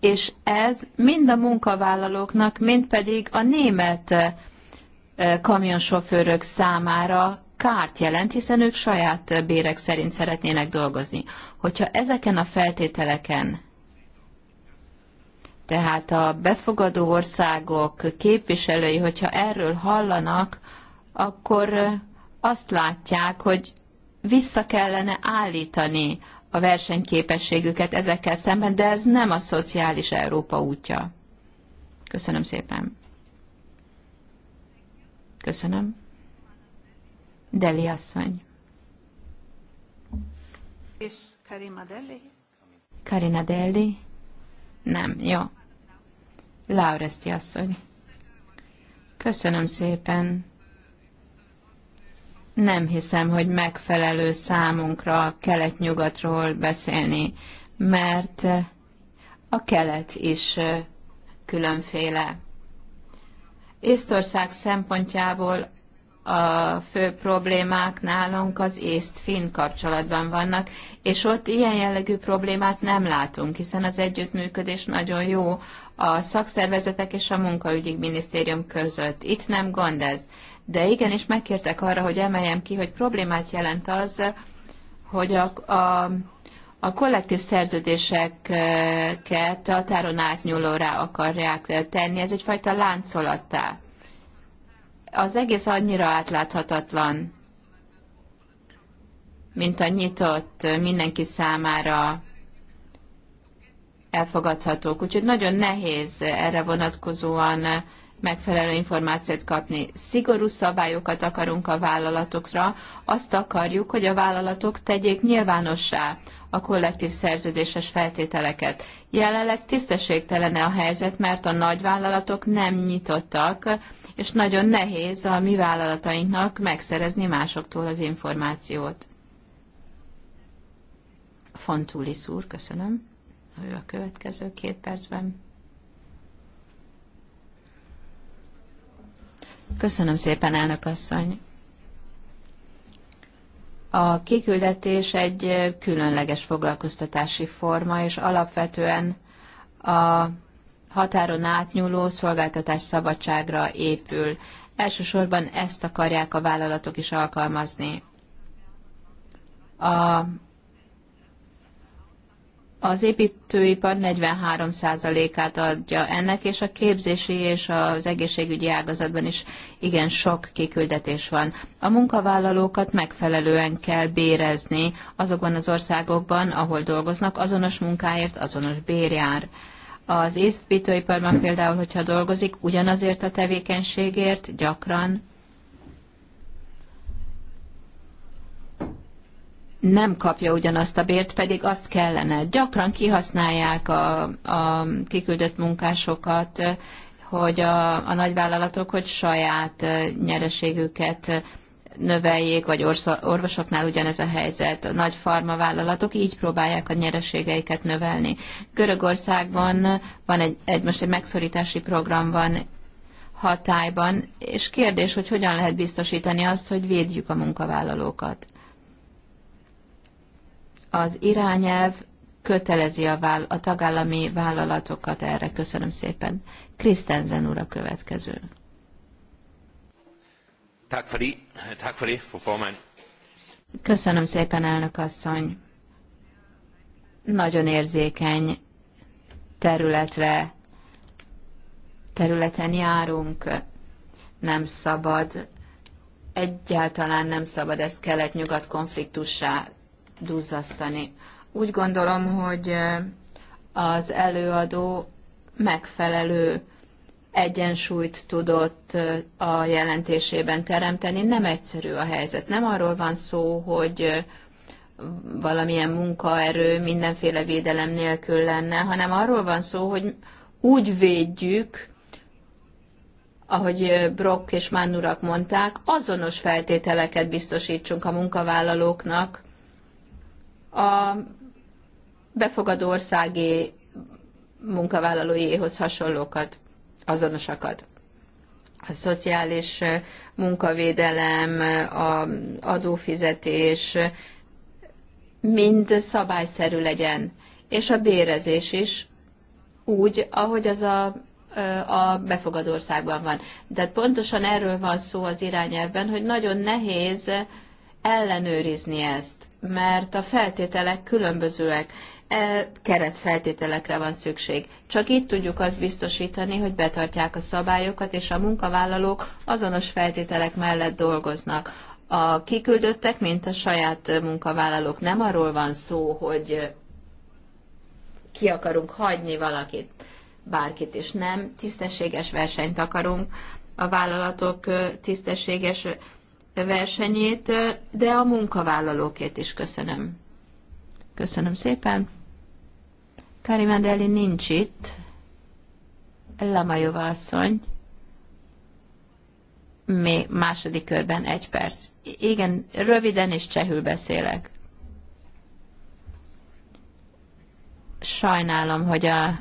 És ez mind a munkavállalóknak, mind pedig a német eh, kamionsofőrök számára kárt jelent, hiszen ők saját eh, bérek szerint szeretnének dolgozni. Hogyha ezeken a feltételeken tehát a befogadó országok képviselői, hogyha erről hallanak, akkor azt látják, hogy vissza kellene állítani a versenyképességüket ezekkel szemben, de ez nem a szociális Európa útja. Köszönöm szépen. Köszönöm. Deli asszony. És Karina Deli? Karina Deli? Nem, jó. Laureszti asszony. Köszönöm szépen. Nem hiszem, hogy megfelelő számunkra kelet-nyugatról beszélni, mert a kelet is különféle. Észtország szempontjából a fő problémák nálunk az észt-finn kapcsolatban vannak, és ott ilyen jellegű problémát nem látunk, hiszen az együttműködés nagyon jó a szakszervezetek és a munkaügyi minisztérium között. Itt nem gond ez. De igenis megkértek arra, hogy emeljem ki, hogy problémát jelent az, hogy a, a, a kollektív szerződéseket a táron átnyúlóra akarják tenni. Ez egyfajta láncolattá. Az egész annyira átláthatatlan, mint a nyitott, mindenki számára elfogadhatók. Úgyhogy nagyon nehéz erre vonatkozóan megfelelő információt kapni. Szigorú szabályokat akarunk a vállalatokra, azt akarjuk, hogy a vállalatok tegyék nyilvánossá a kollektív szerződéses feltételeket. Jelenleg tisztességtelene a helyzet, mert a nagyvállalatok nem nyitottak, és nagyon nehéz a mi vállalatainknak megszerezni másoktól az információt. Fontulis úr, köszönöm ő a következő két percben. Köszönöm szépen, elnök asszony. A kiküldetés egy különleges foglalkoztatási forma, és alapvetően a határon átnyúló szolgáltatás szabadságra épül. Elsősorban ezt akarják a vállalatok is alkalmazni. A az építőipar 43%-át adja ennek, és a képzési és az egészségügyi ágazatban is igen sok kiküldetés van. A munkavállalókat megfelelően kell bérezni azokban az országokban, ahol dolgoznak, azonos munkáért azonos bérjár. Az építőiparban például, hogyha dolgozik, ugyanazért a tevékenységért gyakran nem kapja ugyanazt a bért, pedig azt kellene. Gyakran kihasználják a, a kiküldött munkásokat, hogy a, a nagyvállalatok, hogy saját nyereségüket növeljék, vagy orvosoknál ugyanez a helyzet. A nagy farmavállalatok így próbálják a nyereségeiket növelni. Görögországban van egy, egy most egy megszorítási program van hatályban, és kérdés, hogy hogyan lehet biztosítani azt, hogy védjük a munkavállalókat az irányelv kötelezi a, váll- a tagállami vállalatokat erre. Köszönöm szépen. Krisztenzen úr a következő. Köszönöm szépen, elnök asszony. Nagyon érzékeny területre, területen járunk. Nem szabad, egyáltalán nem szabad ezt kelet-nyugat konfliktussá duzzasztani. Úgy gondolom, hogy az előadó megfelelő egyensúlyt tudott a jelentésében teremteni. Nem egyszerű a helyzet. Nem arról van szó, hogy valamilyen munkaerő mindenféle védelem nélkül lenne, hanem arról van szó, hogy úgy védjük, ahogy Brock és Mann urak mondták, azonos feltételeket biztosítsunk a munkavállalóknak, a befogadó országé munkavállalóihoz hasonlókat, azonosakat. A szociális munkavédelem, a adófizetés mind szabályszerű legyen, és a bérezés is úgy, ahogy az a a befogadó országban van. de pontosan erről van szó az irányelvben, hogy nagyon nehéz ellenőrizni ezt, mert a feltételek különbözőek, e, keretfeltételekre van szükség. Csak így tudjuk azt biztosítani, hogy betartják a szabályokat, és a munkavállalók azonos feltételek mellett dolgoznak. A kiküldöttek, mint a saját munkavállalók, nem arról van szó, hogy ki akarunk hagyni valakit, bárkit is nem, tisztességes versenyt akarunk, a vállalatok tisztességes versenyét, de a munkavállalókét is köszönöm. Köszönöm szépen. Karimandeli nincs itt. Lamajova asszony. Még második körben egy perc. Igen, röviden és csehül beszélek. Sajnálom, hogy a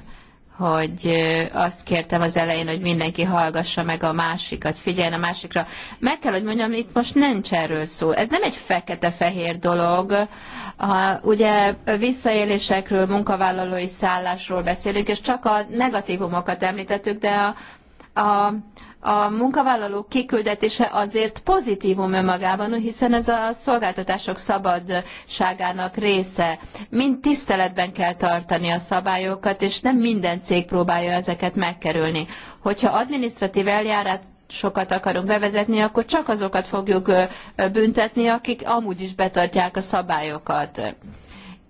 hogy azt kértem az elején, hogy mindenki hallgassa meg a másikat, figyeljen a másikra. Meg kell, hogy mondjam, itt most nincs erről szó. Ez nem egy fekete-fehér dolog. A, ugye visszaélésekről, munkavállalói szállásról beszélünk, és csak a negatívumokat említettük, de a, a a munkavállalók kiküldetése azért pozitívum önmagában, hiszen ez a szolgáltatások szabadságának része. Mind tiszteletben kell tartani a szabályokat, és nem minden cég próbálja ezeket megkerülni. Hogyha adminisztratív eljárát sokat akarunk bevezetni, akkor csak azokat fogjuk büntetni, akik amúgy is betartják a szabályokat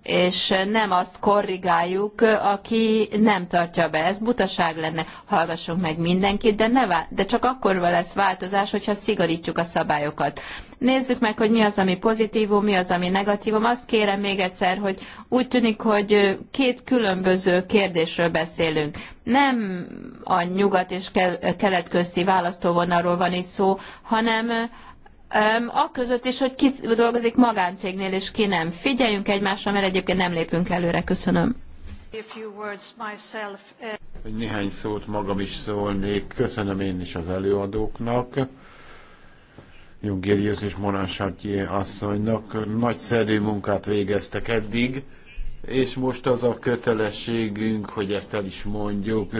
és nem azt korrigáljuk, aki nem tartja be. Ez butaság lenne. Hallgassunk meg mindenkit, de, ne vá- de csak akkor lesz változás, hogyha szigorítjuk a szabályokat. Nézzük meg, hogy mi az, ami pozitívum, mi az, ami negatívum. Azt kérem még egyszer, hogy úgy tűnik, hogy két különböző kérdésről beszélünk. Nem a nyugat és kelet közti választóvonalról van itt szó, hanem Aközött is, hogy ki dolgozik magáncégnél, és ki nem. Figyeljünk egymásra, mert egyébként nem lépünk előre. Köszönöm. Eh, néhány szót magam is szólnék. Köszönöm én is az előadóknak. Jungérius és Morán Sartier asszonynak. Nagyszerű munkát végeztek eddig, és most az a kötelességünk, hogy ezt el is mondjuk,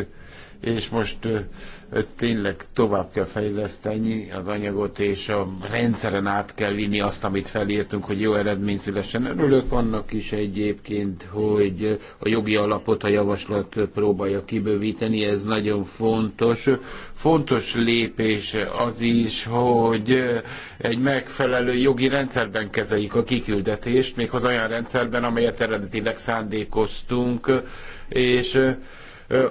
és most tényleg tovább kell fejleszteni az anyagot, és a rendszeren át kell vinni azt, amit felírtunk, hogy jó eredmény szülessen. Örülök annak is egyébként, hogy a jogi alapot a javaslat próbálja kibővíteni, ez nagyon fontos. Fontos lépés az is, hogy egy megfelelő jogi rendszerben kezeljük a kiküldetést, az olyan rendszerben, amelyet eredetileg szándékoztunk, és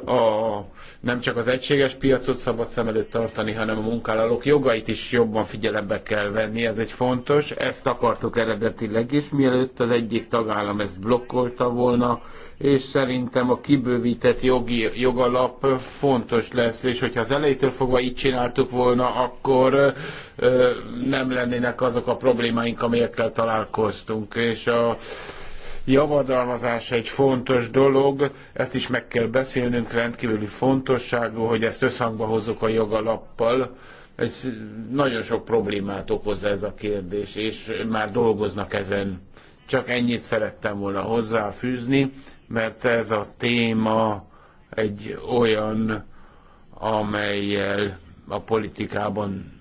a nem csak az egységes piacot szabad szem előtt tartani, hanem a munkállalók jogait is jobban figyelembe kell venni, ez egy fontos. Ezt akartuk eredetileg is, mielőtt az egyik tagállam ezt blokkolta volna, és szerintem a kibővített jogi, jogalap fontos lesz, és hogyha az elejétől fogva így csináltuk volna, akkor ö, nem lennének azok a problémáink, amelyekkel találkoztunk, és a javadalmazás egy fontos dolog, ezt is meg kell beszélnünk, rendkívüli fontosságú, hogy ezt összhangba hozzuk a jogalappal. Ez nagyon sok problémát okoz ez a kérdés, és már dolgoznak ezen. Csak ennyit szerettem volna hozzáfűzni, mert ez a téma egy olyan, amelyel a politikában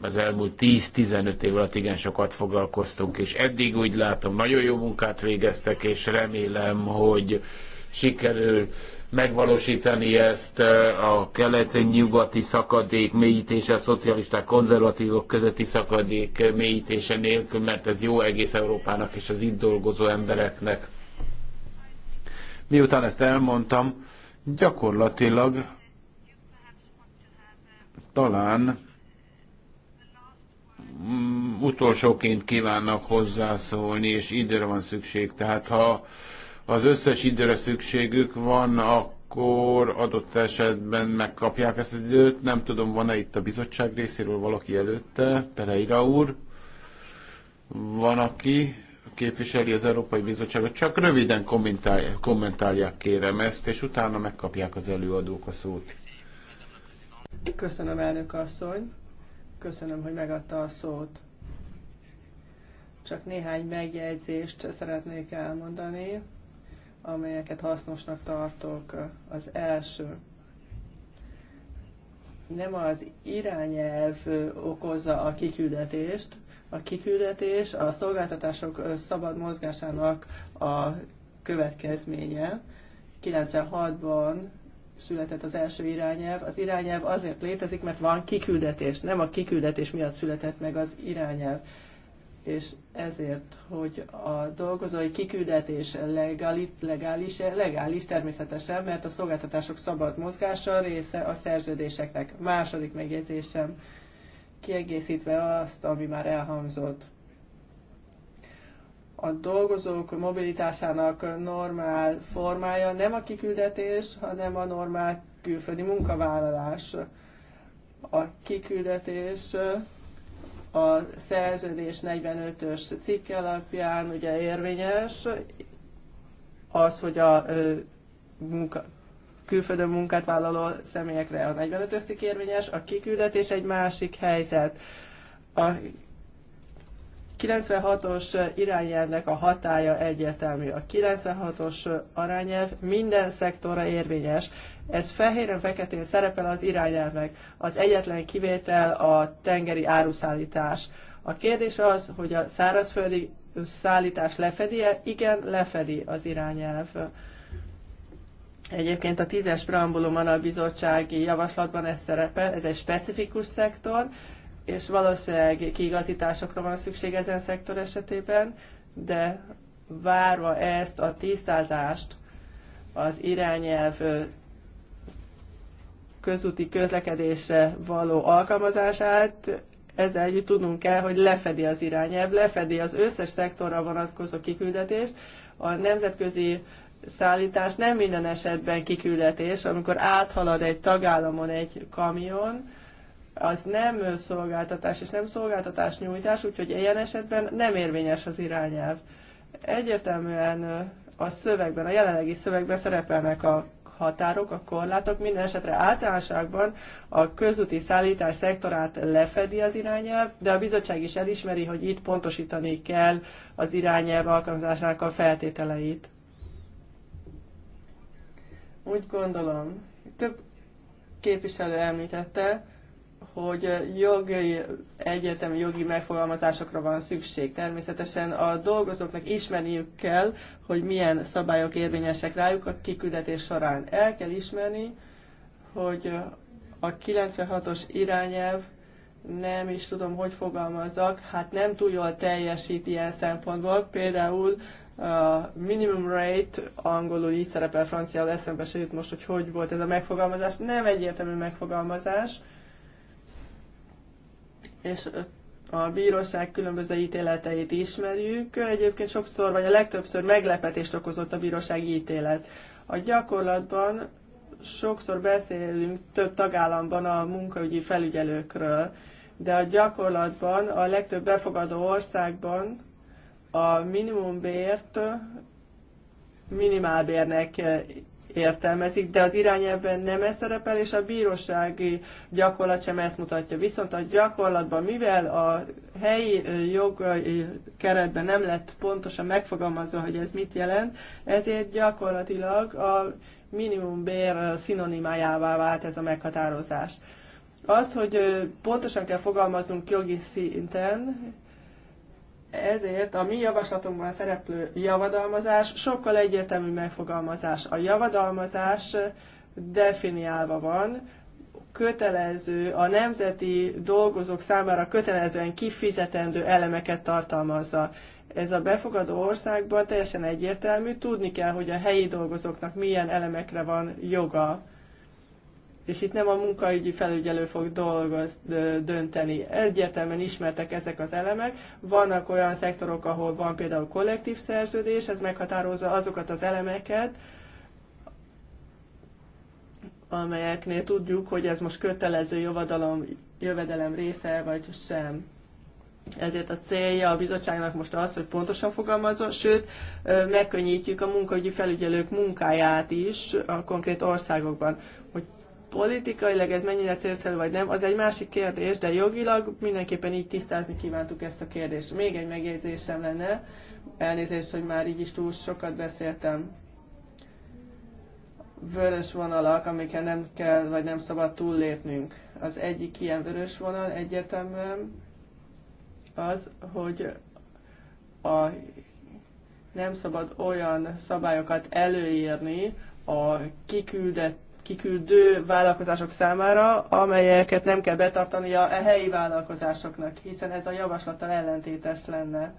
az elmúlt 10-15 év alatt igen sokat foglalkoztunk, és eddig úgy látom, nagyon jó munkát végeztek, és remélem, hogy sikerül megvalósítani ezt eh, a keleti-nyugati szakadék mélyítése, a szocialisták, konzervatívok közötti szakadék mélyítése nélkül, mert ez jó egész Európának és az itt dolgozó embereknek. Miután ezt elmondtam, gyakorlatilag talán Mm, utolsóként kívánnak hozzászólni, és időre van szükség. Tehát ha az összes időre szükségük van, akkor adott esetben megkapják ezt az időt. Nem tudom, van-e itt a bizottság részéről valaki előtte, Pereira úr? Van, aki képviseli az Európai Bizottságot, csak röviden kommentálják, kommentálják kérem ezt, és utána megkapják az előadók a szót. Köszönöm, elnök asszony. Köszönöm, hogy megadta a szót. Csak néhány megjegyzést szeretnék elmondani, amelyeket hasznosnak tartok. Az első nem az irányelv okozza a kiküldetést. A kiküldetés a szolgáltatások szabad mozgásának a következménye. 96-ban született az első irányelv. Az irányelv azért létezik, mert van kiküldetés, nem a kiküldetés miatt született meg az irányelv. És ezért, hogy a dolgozói kiküldetés legális, legális, legális természetesen, mert a szolgáltatások szabad mozgása része a szerződéseknek. Második megjegyzésem, kiegészítve azt, ami már elhangzott a dolgozók mobilitásának normál formája nem a kiküldetés, hanem a normál külföldi munkavállalás. A kiküldetés a szerződés 45-ös cikke alapján ugye érvényes, az, hogy a munka, külföldön munkát vállaló személyekre a 45-ös cikk érvényes, a kiküldetés egy másik helyzet. A 96-os irányelvnek a hatája egyértelmű. A 96-os arányelv minden szektorra érvényes. Ez fehéren-feketén szerepel az irányelvnek. Az egyetlen kivétel a tengeri áruszállítás. A kérdés az, hogy a szárazföldi szállítás lefedi-e? Igen, lefedi az irányelv. Egyébként a tízes preambulumon a bizottsági javaslatban ez szerepel, ez egy specifikus szektor, és valószínűleg kiigazításokra van szükség ezen szektor esetében, de várva ezt a tisztázást az irányelv közúti közlekedésre való alkalmazását, ezzel együtt tudnunk kell, hogy lefedi az irányelv, lefedi az összes szektorra vonatkozó kiküldetést, a nemzetközi szállítás nem minden esetben kiküldetés, amikor áthalad egy tagállamon egy kamion, az nem szolgáltatás és nem szolgáltatás nyújtás, úgyhogy ilyen esetben nem érvényes az irányelv. Egyértelműen a szövegben, a jelenlegi szövegben szerepelnek a határok, a korlátok, minden esetre általánoságban a közúti szállítás szektorát lefedi az irányelv, de a bizottság is elismeri, hogy itt pontosítani kell az irányelv alkalmazásának a feltételeit. Úgy gondolom, több képviselő említette, hogy jogi, egyetemi jogi megfogalmazásokra van szükség. Természetesen a dolgozóknak ismerniük kell, hogy milyen szabályok érvényesek rájuk a kiküldetés során. El kell ismerni, hogy a 96-os irányelv nem is tudom, hogy fogalmazzak, hát nem túl jól teljesít ilyen szempontból. Például a minimum rate, angolul így szerepel, franciául eszembe se jut most, hogy hogy volt ez a megfogalmazás. Nem egyértelmű megfogalmazás, és a bíróság különböző ítéleteit ismerjük. Egyébként sokszor, vagy a legtöbbször meglepetést okozott a bíróság ítélet. A gyakorlatban sokszor beszélünk több tagállamban a munkaügyi felügyelőkről, de a gyakorlatban a legtöbb befogadó országban a minimumbért minimálbérnek értelmezik, de az irányelvben nem ez szerepel, és a bírósági gyakorlat sem ezt mutatja. Viszont a gyakorlatban, mivel a helyi jogi keretben nem lett pontosan megfogalmazva, hogy ez mit jelent, ezért gyakorlatilag a bér szinonimájává vált ez a meghatározás. Az, hogy pontosan kell fogalmaznunk jogi szinten, ezért a mi javaslatunkban szereplő javadalmazás sokkal egyértelmű megfogalmazás. A javadalmazás definiálva van, kötelező, a nemzeti dolgozók számára kötelezően kifizetendő elemeket tartalmazza. Ez a befogadó országban teljesen egyértelmű, tudni kell, hogy a helyi dolgozóknak milyen elemekre van joga és itt nem a munkaügyi felügyelő fog dolgoz, dönteni. Egyértelműen ismertek ezek az elemek. Vannak olyan szektorok, ahol van például kollektív szerződés, ez meghatározza azokat az elemeket, amelyeknél tudjuk, hogy ez most kötelező jövedelem, jövedelem része, vagy sem. Ezért a célja a bizottságnak most az, hogy pontosan fogalmazzon, sőt, megkönnyítjük a munkaügyi felügyelők munkáját is a konkrét országokban, hogy politikailag ez mennyire célszerű vagy nem, az egy másik kérdés, de jogilag mindenképpen így tisztázni kívántuk ezt a kérdést. Még egy megjegyzésem lenne, elnézést, hogy már így is túl sokat beszéltem. Vörös vonalak, amiket nem kell, vagy nem szabad túllépnünk. Az egyik ilyen vörös vonal egyértelműen az, hogy a nem szabad olyan szabályokat előírni a kiküldett kiküldő vállalkozások számára, amelyeket nem kell betartania a e helyi vállalkozásoknak, hiszen ez a javaslattal ellentétes lenne.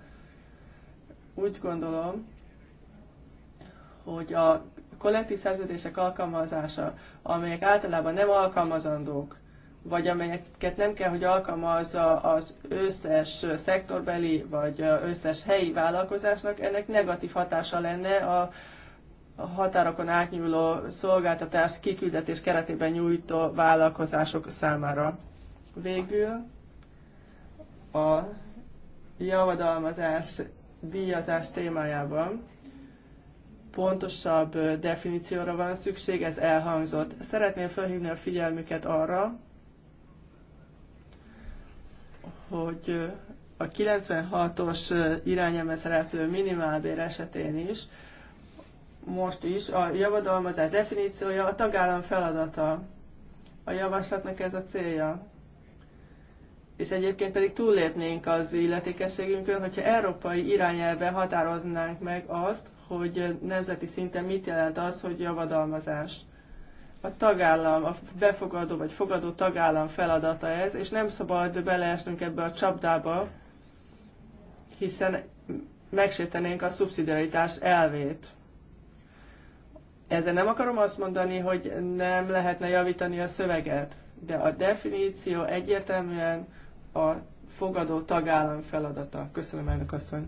Úgy gondolom, hogy a kollektív szerződések alkalmazása, amelyek általában nem alkalmazandók, vagy amelyeket nem kell, hogy alkalmazza az összes szektorbeli vagy összes helyi vállalkozásnak, ennek negatív hatása lenne a a határokon átnyúló szolgáltatás kiküldetés keretében nyújtó vállalkozások számára. Végül a javadalmazás díjazás témájában pontosabb definícióra van szükség, ez elhangzott. Szeretném felhívni a figyelmüket arra, hogy a 96-os irányelme szereplő minimálbér esetén is most is a javadalmazás definíciója a tagállam feladata. A javaslatnak ez a célja. És egyébként pedig túllépnénk az illetékességünkön, hogyha európai irányelve határoznánk meg azt, hogy nemzeti szinten mit jelent az, hogy javadalmazás. A tagállam, a befogadó vagy fogadó tagállam feladata ez, és nem szabad beleesnünk ebbe a csapdába, hiszen megsértenénk a szubszidiaritás elvét. Ezzel nem akarom azt mondani, hogy nem lehetne javítani a szöveget, de a definíció egyértelműen a fogadó tagállam feladata. Köszönöm, elnök asszony.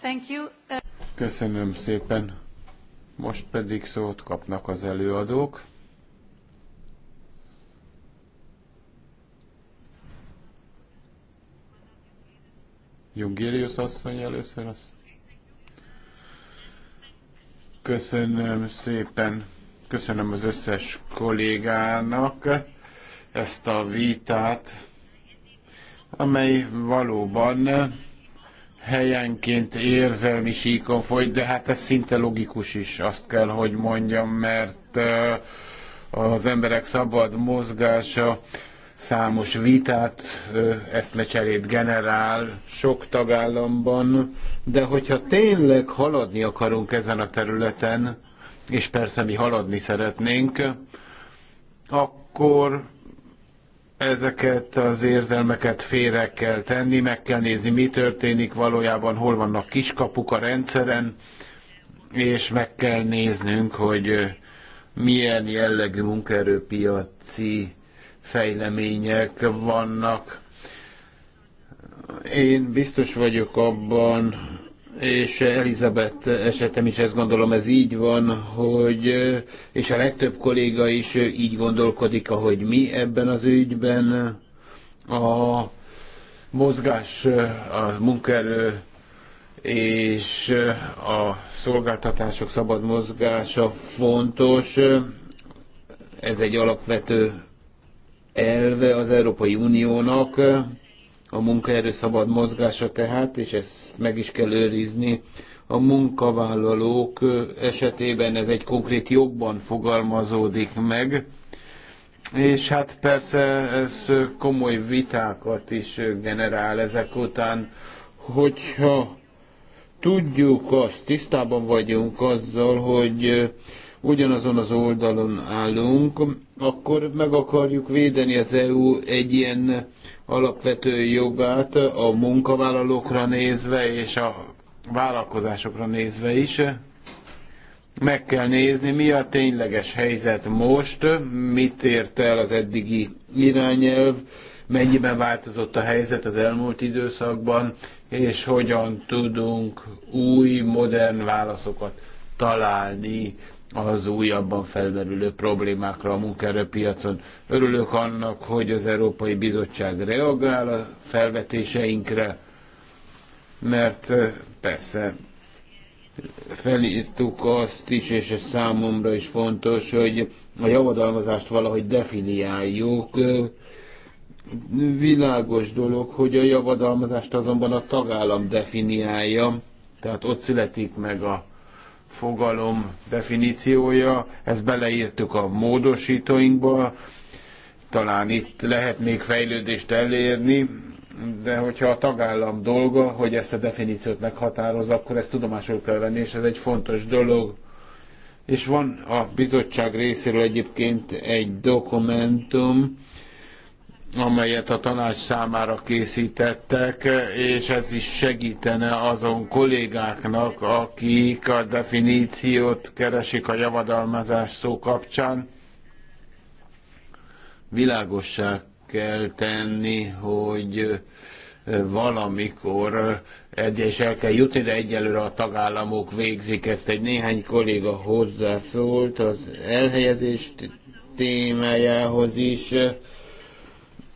Thank you. Köszönöm szépen. Most pedig szót kapnak az előadók. Jungérius asszony először azt. Köszönöm szépen, köszönöm az összes kollégának ezt a vitát, amely valóban helyenként érzelmi síkon folyt, de hát ez szinte logikus is, azt kell, hogy mondjam, mert az emberek szabad mozgása számos vitát, eszmecserét generál sok tagállamban, de hogyha tényleg haladni akarunk ezen a területen, és persze mi haladni szeretnénk, akkor ezeket az érzelmeket félre kell tenni, meg kell nézni, mi történik valójában, hol vannak kiskapuk a rendszeren, és meg kell néznünk, hogy milyen jellegű munkaerőpiaci fejlemények vannak. Én biztos vagyok abban, és Elizabeth esetem is ezt gondolom, ez így van, hogy, és a legtöbb kolléga is így gondolkodik, ahogy mi ebben az ügyben a mozgás, a munkaerő és a szolgáltatások szabad mozgása fontos. Ez egy alapvető elve az Európai Uniónak, a munkaerő szabad mozgása tehát, és ezt meg is kell őrizni. A munkavállalók esetében ez egy konkrét jogban fogalmazódik meg, és hát persze ez komoly vitákat is generál ezek után, hogyha tudjuk azt, tisztában vagyunk azzal, hogy ugyanazon az oldalon állunk, akkor meg akarjuk védeni az EU egy ilyen alapvető jogát a munkavállalókra nézve és a vállalkozásokra nézve is. Meg kell nézni, mi a tényleges helyzet most, mit ért el az eddigi irányelv, mennyiben változott a helyzet az elmúlt időszakban, és hogyan tudunk új, modern válaszokat találni az újabban felmerülő problémákra a munkaerőpiacon. Örülök annak, hogy az Európai Bizottság reagál a felvetéseinkre, mert persze felírtuk azt is, és ez számomra is fontos, hogy a javadalmazást valahogy definiáljuk. Világos dolog, hogy a javadalmazást azonban a tagállam definiálja, tehát ott születik meg a fogalom definíciója, ezt beleírtuk a módosítóinkba, talán itt lehet még fejlődést elérni, de hogyha a tagállam dolga, hogy ezt a definíciót meghatározza, akkor ezt tudomásul kell venni, és ez egy fontos dolog. És van a bizottság részéről egyébként egy dokumentum, amelyet a tanács számára készítettek, és ez is segítene azon kollégáknak, akik a definíciót keresik a javadalmazás szó kapcsán. Világossá kell tenni, hogy valamikor egyes el kell jutni, de egyelőre a tagállamok végzik ezt. Egy néhány kolléga hozzászólt az elhelyezés témájához is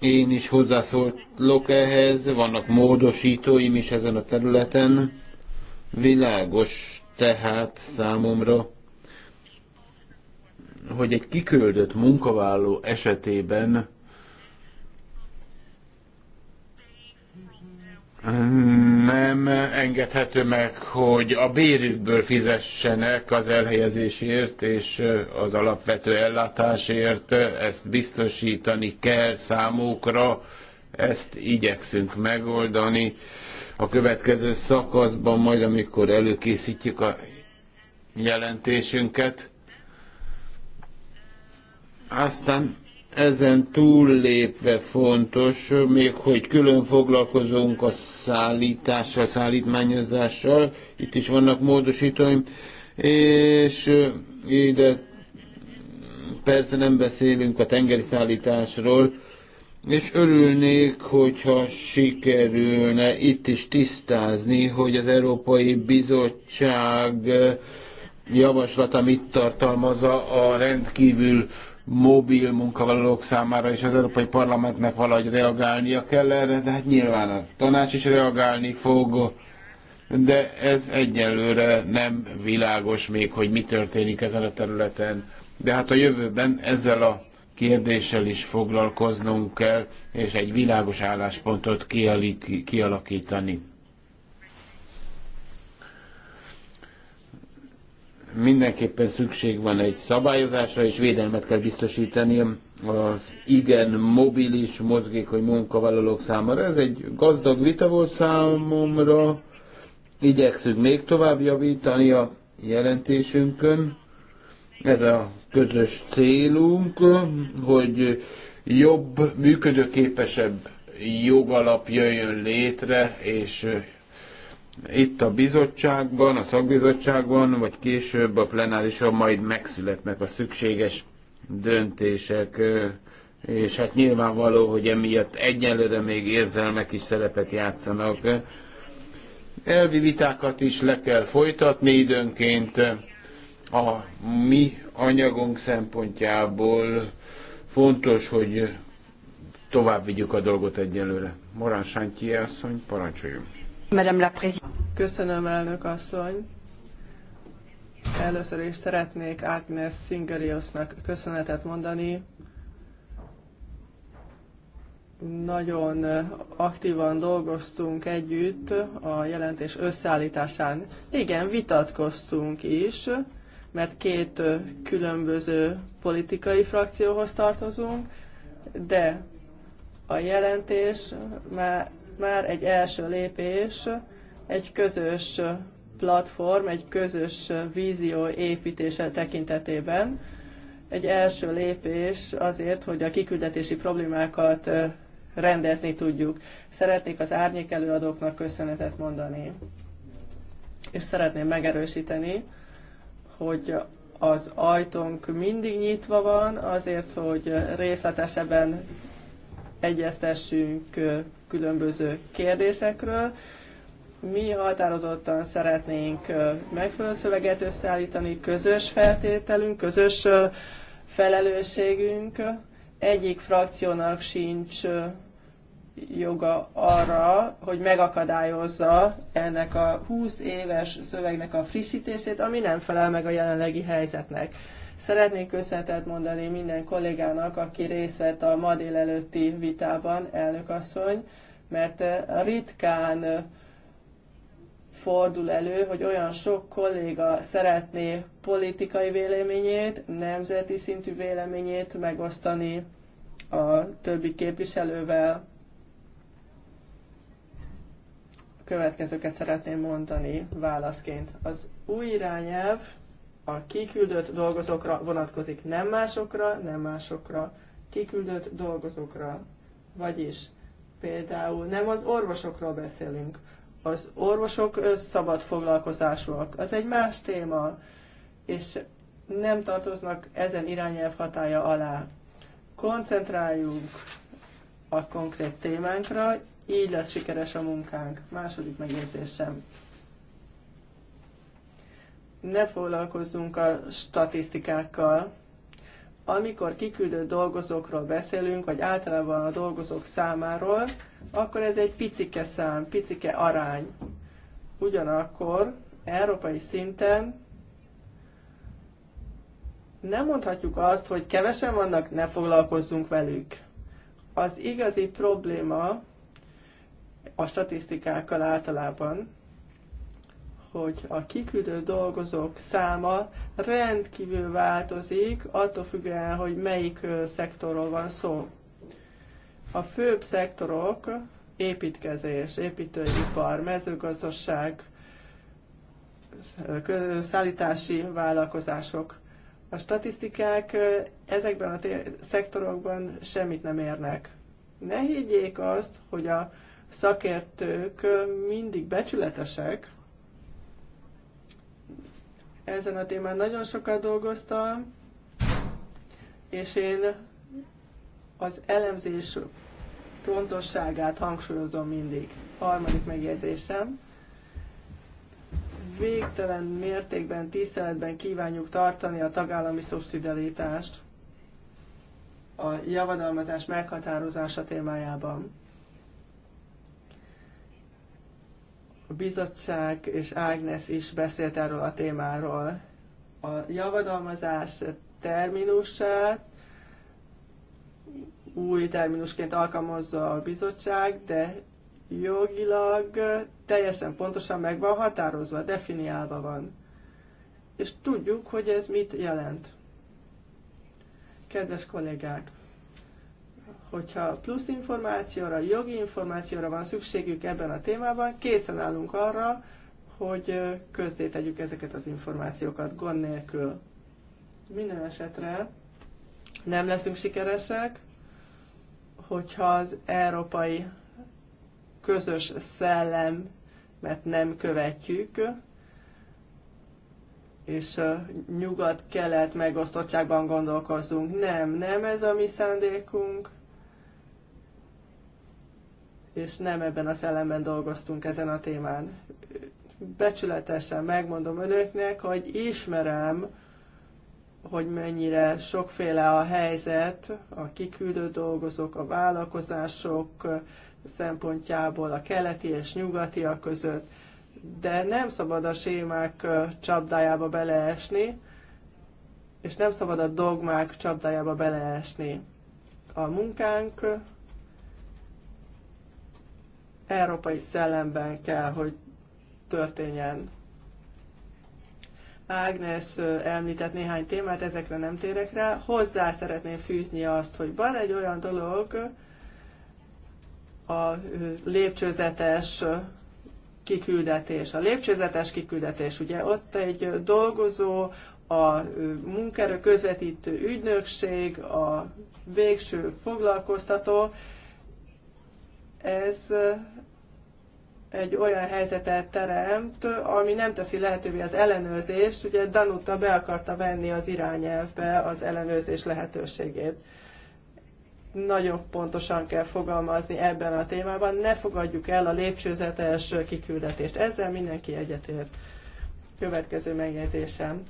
én is hozzászólok ehhez, vannak módosítóim is ezen a területen. Világos tehát számomra, hogy egy kiküldött munkavállaló esetében nem engedhető meg, hogy a bérükből fizessenek az elhelyezésért és az alapvető ellátásért, ezt biztosítani kell számukra, ezt igyekszünk megoldani. A következő szakaszban majd, amikor előkészítjük a jelentésünket, aztán ezen túllépve fontos, még hogy külön foglalkozunk a szállítással, szállítmányozással, itt is vannak módosítóim, és ide persze nem beszélünk a tengeri szállításról, és örülnék, hogyha sikerülne itt is tisztázni, hogy az Európai Bizottság javaslata mit tartalmazza a rendkívül mobil munkavállalók számára, és az Európai Parlamentnek valahogy reagálnia kell erre, de hát nyilván a tanács is reagálni fog, de ez egyelőre nem világos még, hogy mi történik ezen a területen. De hát a jövőben ezzel a kérdéssel is foglalkoznunk kell, és egy világos álláspontot kialakítani mindenképpen szükség van egy szabályozásra, és védelmet kell biztosítani az igen mobilis, mozgékony munkavállalók számára. Ez egy gazdag vita volt számomra. Igyekszünk még tovább javítani a jelentésünkön. Ez a közös célunk, hogy jobb, működőképesebb jogalap jöjjön létre, és itt a bizottságban, a szakbizottságban, vagy később a plenárison majd megszületnek a szükséges döntések, és hát nyilvánvaló, hogy emiatt egyelőre még érzelmek is szerepet játszanak. Elvi vitákat is le kell folytatni időnként a mi anyagunk szempontjából fontos, hogy tovább vigyük a dolgot egyelőre. Morán Sánti asszony, parancsoljunk! Köszönöm, elnök asszony. Először is szeretnék Agnes Singeriusnak köszönetet mondani. Nagyon aktívan dolgoztunk együtt a jelentés összeállításán. Igen, vitatkoztunk is, mert két különböző politikai frakcióhoz tartozunk, de a jelentés már már egy első lépés, egy közös platform, egy közös vízió építése tekintetében. Egy első lépés azért, hogy a kiküldetési problémákat rendezni tudjuk. Szeretnék az árnyék előadóknak köszönetet mondani. És szeretném megerősíteni, hogy az ajtónk mindig nyitva van, azért, hogy részletesebben egyeztessünk különböző kérdésekről. Mi határozottan szeretnénk megfelelő szöveget összeállítani, közös feltételünk, közös felelősségünk. Egyik frakciónak sincs joga arra, hogy megakadályozza ennek a 20 éves szövegnek a frissítését, ami nem felel meg a jelenlegi helyzetnek. Szeretnék köszönetet mondani minden kollégának, aki részt vett a ma délelőtti vitában, elnök asszony, mert eh, ritkán eh, fordul elő, hogy olyan sok kolléga szeretné politikai véleményét, nemzeti szintű véleményét megosztani a többi képviselővel. A következőket szeretném mondani válaszként. Az új irányelv a kiküldött dolgozókra vonatkozik, nem másokra, nem másokra, kiküldött dolgozókra. Vagyis például nem az orvosokról beszélünk, az orvosok szabad foglalkozásúak, az egy más téma, és nem tartoznak ezen irányelv hatája alá. Koncentráljunk a konkrét témánkra, így lesz sikeres a munkánk. Második megjegyzésem ne foglalkozzunk a statisztikákkal. Amikor kiküldő dolgozókról beszélünk, vagy általában a dolgozók számáról, akkor ez egy picike szám, picike arány. Ugyanakkor európai szinten nem mondhatjuk azt, hogy kevesen vannak, ne foglalkozzunk velük. Az igazi probléma a statisztikákkal általában hogy a kiküldő dolgozók száma rendkívül változik, attól függően, hogy melyik szektorról van szó. A főbb szektorok építkezés, építőipar, mezőgazdaság, szállítási vállalkozások. A statisztikák ezekben a szektorokban semmit nem érnek. Ne higgyék azt, hogy a szakértők mindig becsületesek, ezen a témán nagyon sokat dolgoztam, és én az elemzés pontosságát hangsúlyozom mindig. Harmadik megjegyzésem. Végtelen mértékben, tiszteletben kívánjuk tartani a tagállami szubszidialitást a javadalmazás meghatározása témájában. A bizottság és Ágnes is beszélt erről a témáról. A javadalmazás terminusát új terminusként alkalmazza a bizottság, de jogilag teljesen pontosan meg van határozva, definiálva van. És tudjuk, hogy ez mit jelent. Kedves kollégák, hogyha plusz információra, jogi információra van szükségük ebben a témában, készen állunk arra, hogy közzétegyük ezeket az információkat gond nélkül. Minden esetre nem leszünk sikeresek, hogyha az európai közös szellemet nem követjük, és nyugat-kelet megosztottságban gondolkozunk. Nem, nem ez a mi szándékunk és nem ebben a szellemben dolgoztunk ezen a témán. Becsületesen megmondom önöknek, hogy ismerem, hogy mennyire sokféle a helyzet, a kiküldő dolgozók, a vállalkozások szempontjából, a keleti és nyugatiak között, de nem szabad a sémák csapdájába beleesni, és nem szabad a dogmák csapdájába beleesni. A munkánk európai szellemben kell, hogy történjen. Ágnes említett néhány témát, ezekre nem térek rá. Hozzá szeretném fűzni azt, hogy van egy olyan dolog, a lépcsőzetes kiküldetés. A lépcsőzetes kiküldetés, ugye ott egy dolgozó, a munkaerő közvetítő ügynökség, a végső foglalkoztató, ez egy olyan helyzetet teremt, ami nem teszi lehetővé az ellenőrzést. Ugye Danuta be akarta venni az irányelvbe az ellenőrzés lehetőségét. Nagyon pontosan kell fogalmazni ebben a témában. Ne fogadjuk el a lépcsőzetes kiküldetést. Ezzel mindenki egyetért. Következő megjegyzésem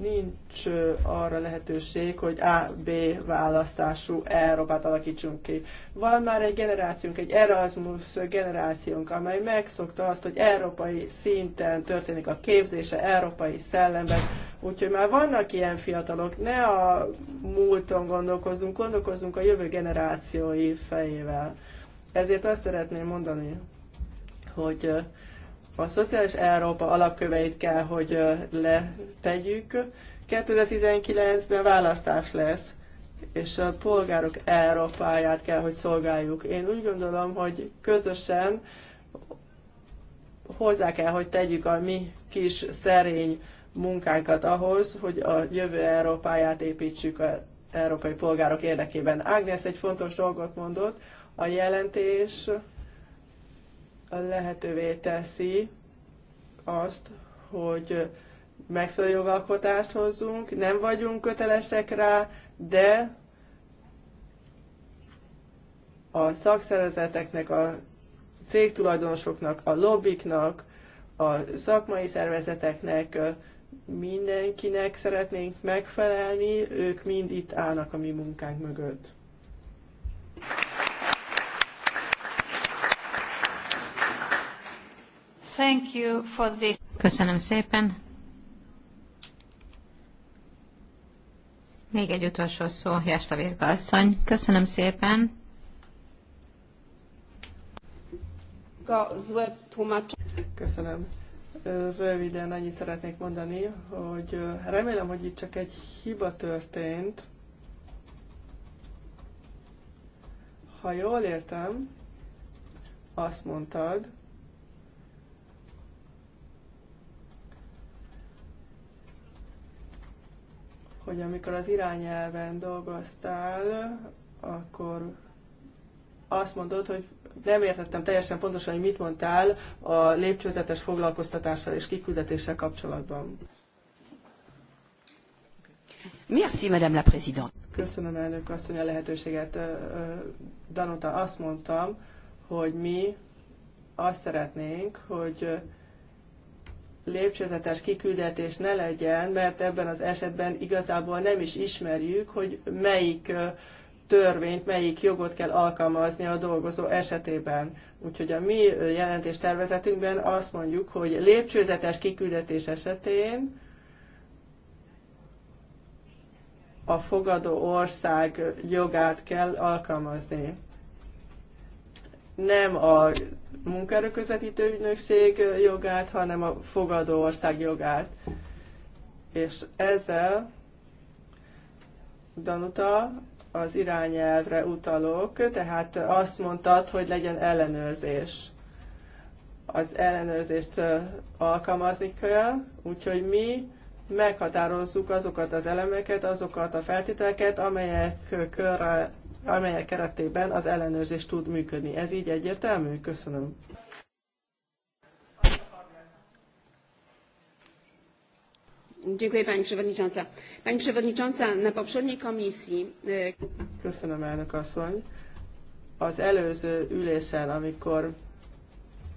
nincs arra lehetőség, hogy A-B választású Európát alakítsunk ki. Van már egy generációnk, egy Erasmus generációnk, amely megszokta azt, hogy európai szinten történik a képzése, európai szellemben, úgyhogy már vannak ilyen fiatalok, ne a múlton gondolkozzunk, gondolkozzunk a jövő generációi fejével. Ezért azt szeretném mondani, hogy a szociális Európa alapköveit kell, hogy letegyük. 2019-ben választás lesz, és a polgárok Európáját kell, hogy szolgáljuk. Én úgy gondolom, hogy közösen hozzá kell, hogy tegyük a mi kis szerény munkánkat ahhoz, hogy a jövő Európáját építsük az európai polgárok érdekében. Ágnes egy fontos dolgot mondott, a jelentés lehetővé teszi azt, hogy megfelelő jogalkotást hozzunk, nem vagyunk kötelesek rá, de a szakszervezeteknek, a cégtulajdonosoknak, a lobbiknak, a szakmai szervezeteknek, mindenkinek szeretnénk megfelelni, ők mind itt állnak a mi munkánk mögött. Thank you for this. Köszönöm szépen. Még egy utolsó szó, Jásta Vérga asszony. Köszönöm szépen. Köszönöm. Röviden annyit szeretnék mondani, hogy remélem, hogy itt csak egy hiba történt. Ha jól értem, azt mondtad, hogy amikor az irányelven dolgoztál, akkor azt mondod, hogy nem értettem teljesen pontosan, hogy mit mondtál a lépcsőzetes foglalkoztatással és kiküldetéssel kapcsolatban. Merci, Madame la Présidente. Köszönöm, elnök asszony, a lehetőséget. Danuta, azt mondtam, hogy mi azt szeretnénk, hogy lépcsőzetes kiküldetés ne legyen, mert ebben az esetben igazából nem is ismerjük, hogy melyik törvényt, melyik jogot kell alkalmazni a dolgozó esetében. Úgyhogy a mi jelentéstervezetünkben azt mondjuk, hogy lépcsőzetes kiküldetés esetén a fogadó ország jogát kell alkalmazni nem a munkaerőközvetítő ügynökség jogát, hanem a fogadó ország jogát. És ezzel Danuta az irányelvre utalok, tehát azt mondtad, hogy legyen ellenőrzés. Az ellenőrzést alkalmazni kell, úgyhogy mi meghatározzuk azokat az elemeket, azokat a feltételeket, amelyek körre amelyek keretében az ellenőrzés tud működni. Ez így egyértelmű? Köszönöm. pani przewodnicząca! pani przewodnicząca! na poprzedniej komisji e, Köszönöm, elnök asszony. Az előző ülésen, amikor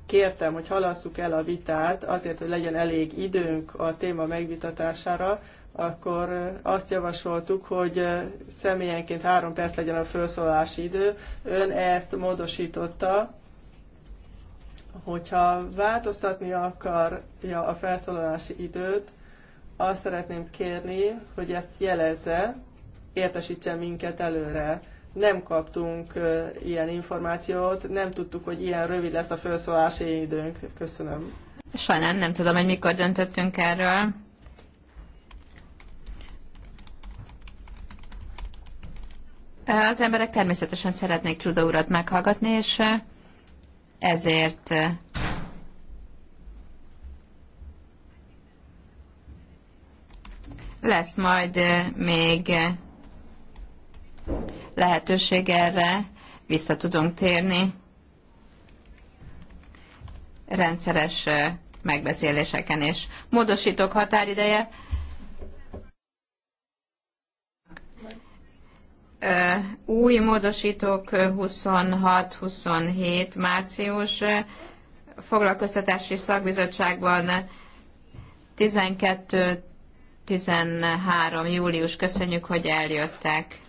kértem, hogy halasszuk el a vitát azért, hogy legyen elég időnk a téma megvitatására, akkor azt javasoltuk, hogy személyenként három perc legyen a felszólalási idő. Ön ezt módosította, hogyha változtatni akarja a felszólalási időt, azt szeretném kérni, hogy ezt jelezze, értesítse minket előre. Nem kaptunk ilyen információt, nem tudtuk, hogy ilyen rövid lesz a felszólási időnk. Köszönöm. Sajnálom, nem tudom, hogy mikor döntöttünk erről Az emberek természetesen szeretnék Csuda urat meghallgatni, és ezért lesz majd még lehetőség erre, vissza tudunk térni rendszeres megbeszéléseken és módosítók határideje új módosítók 26-27 március foglalkoztatási szakbizottságban 12-13 július. Köszönjük, hogy eljöttek.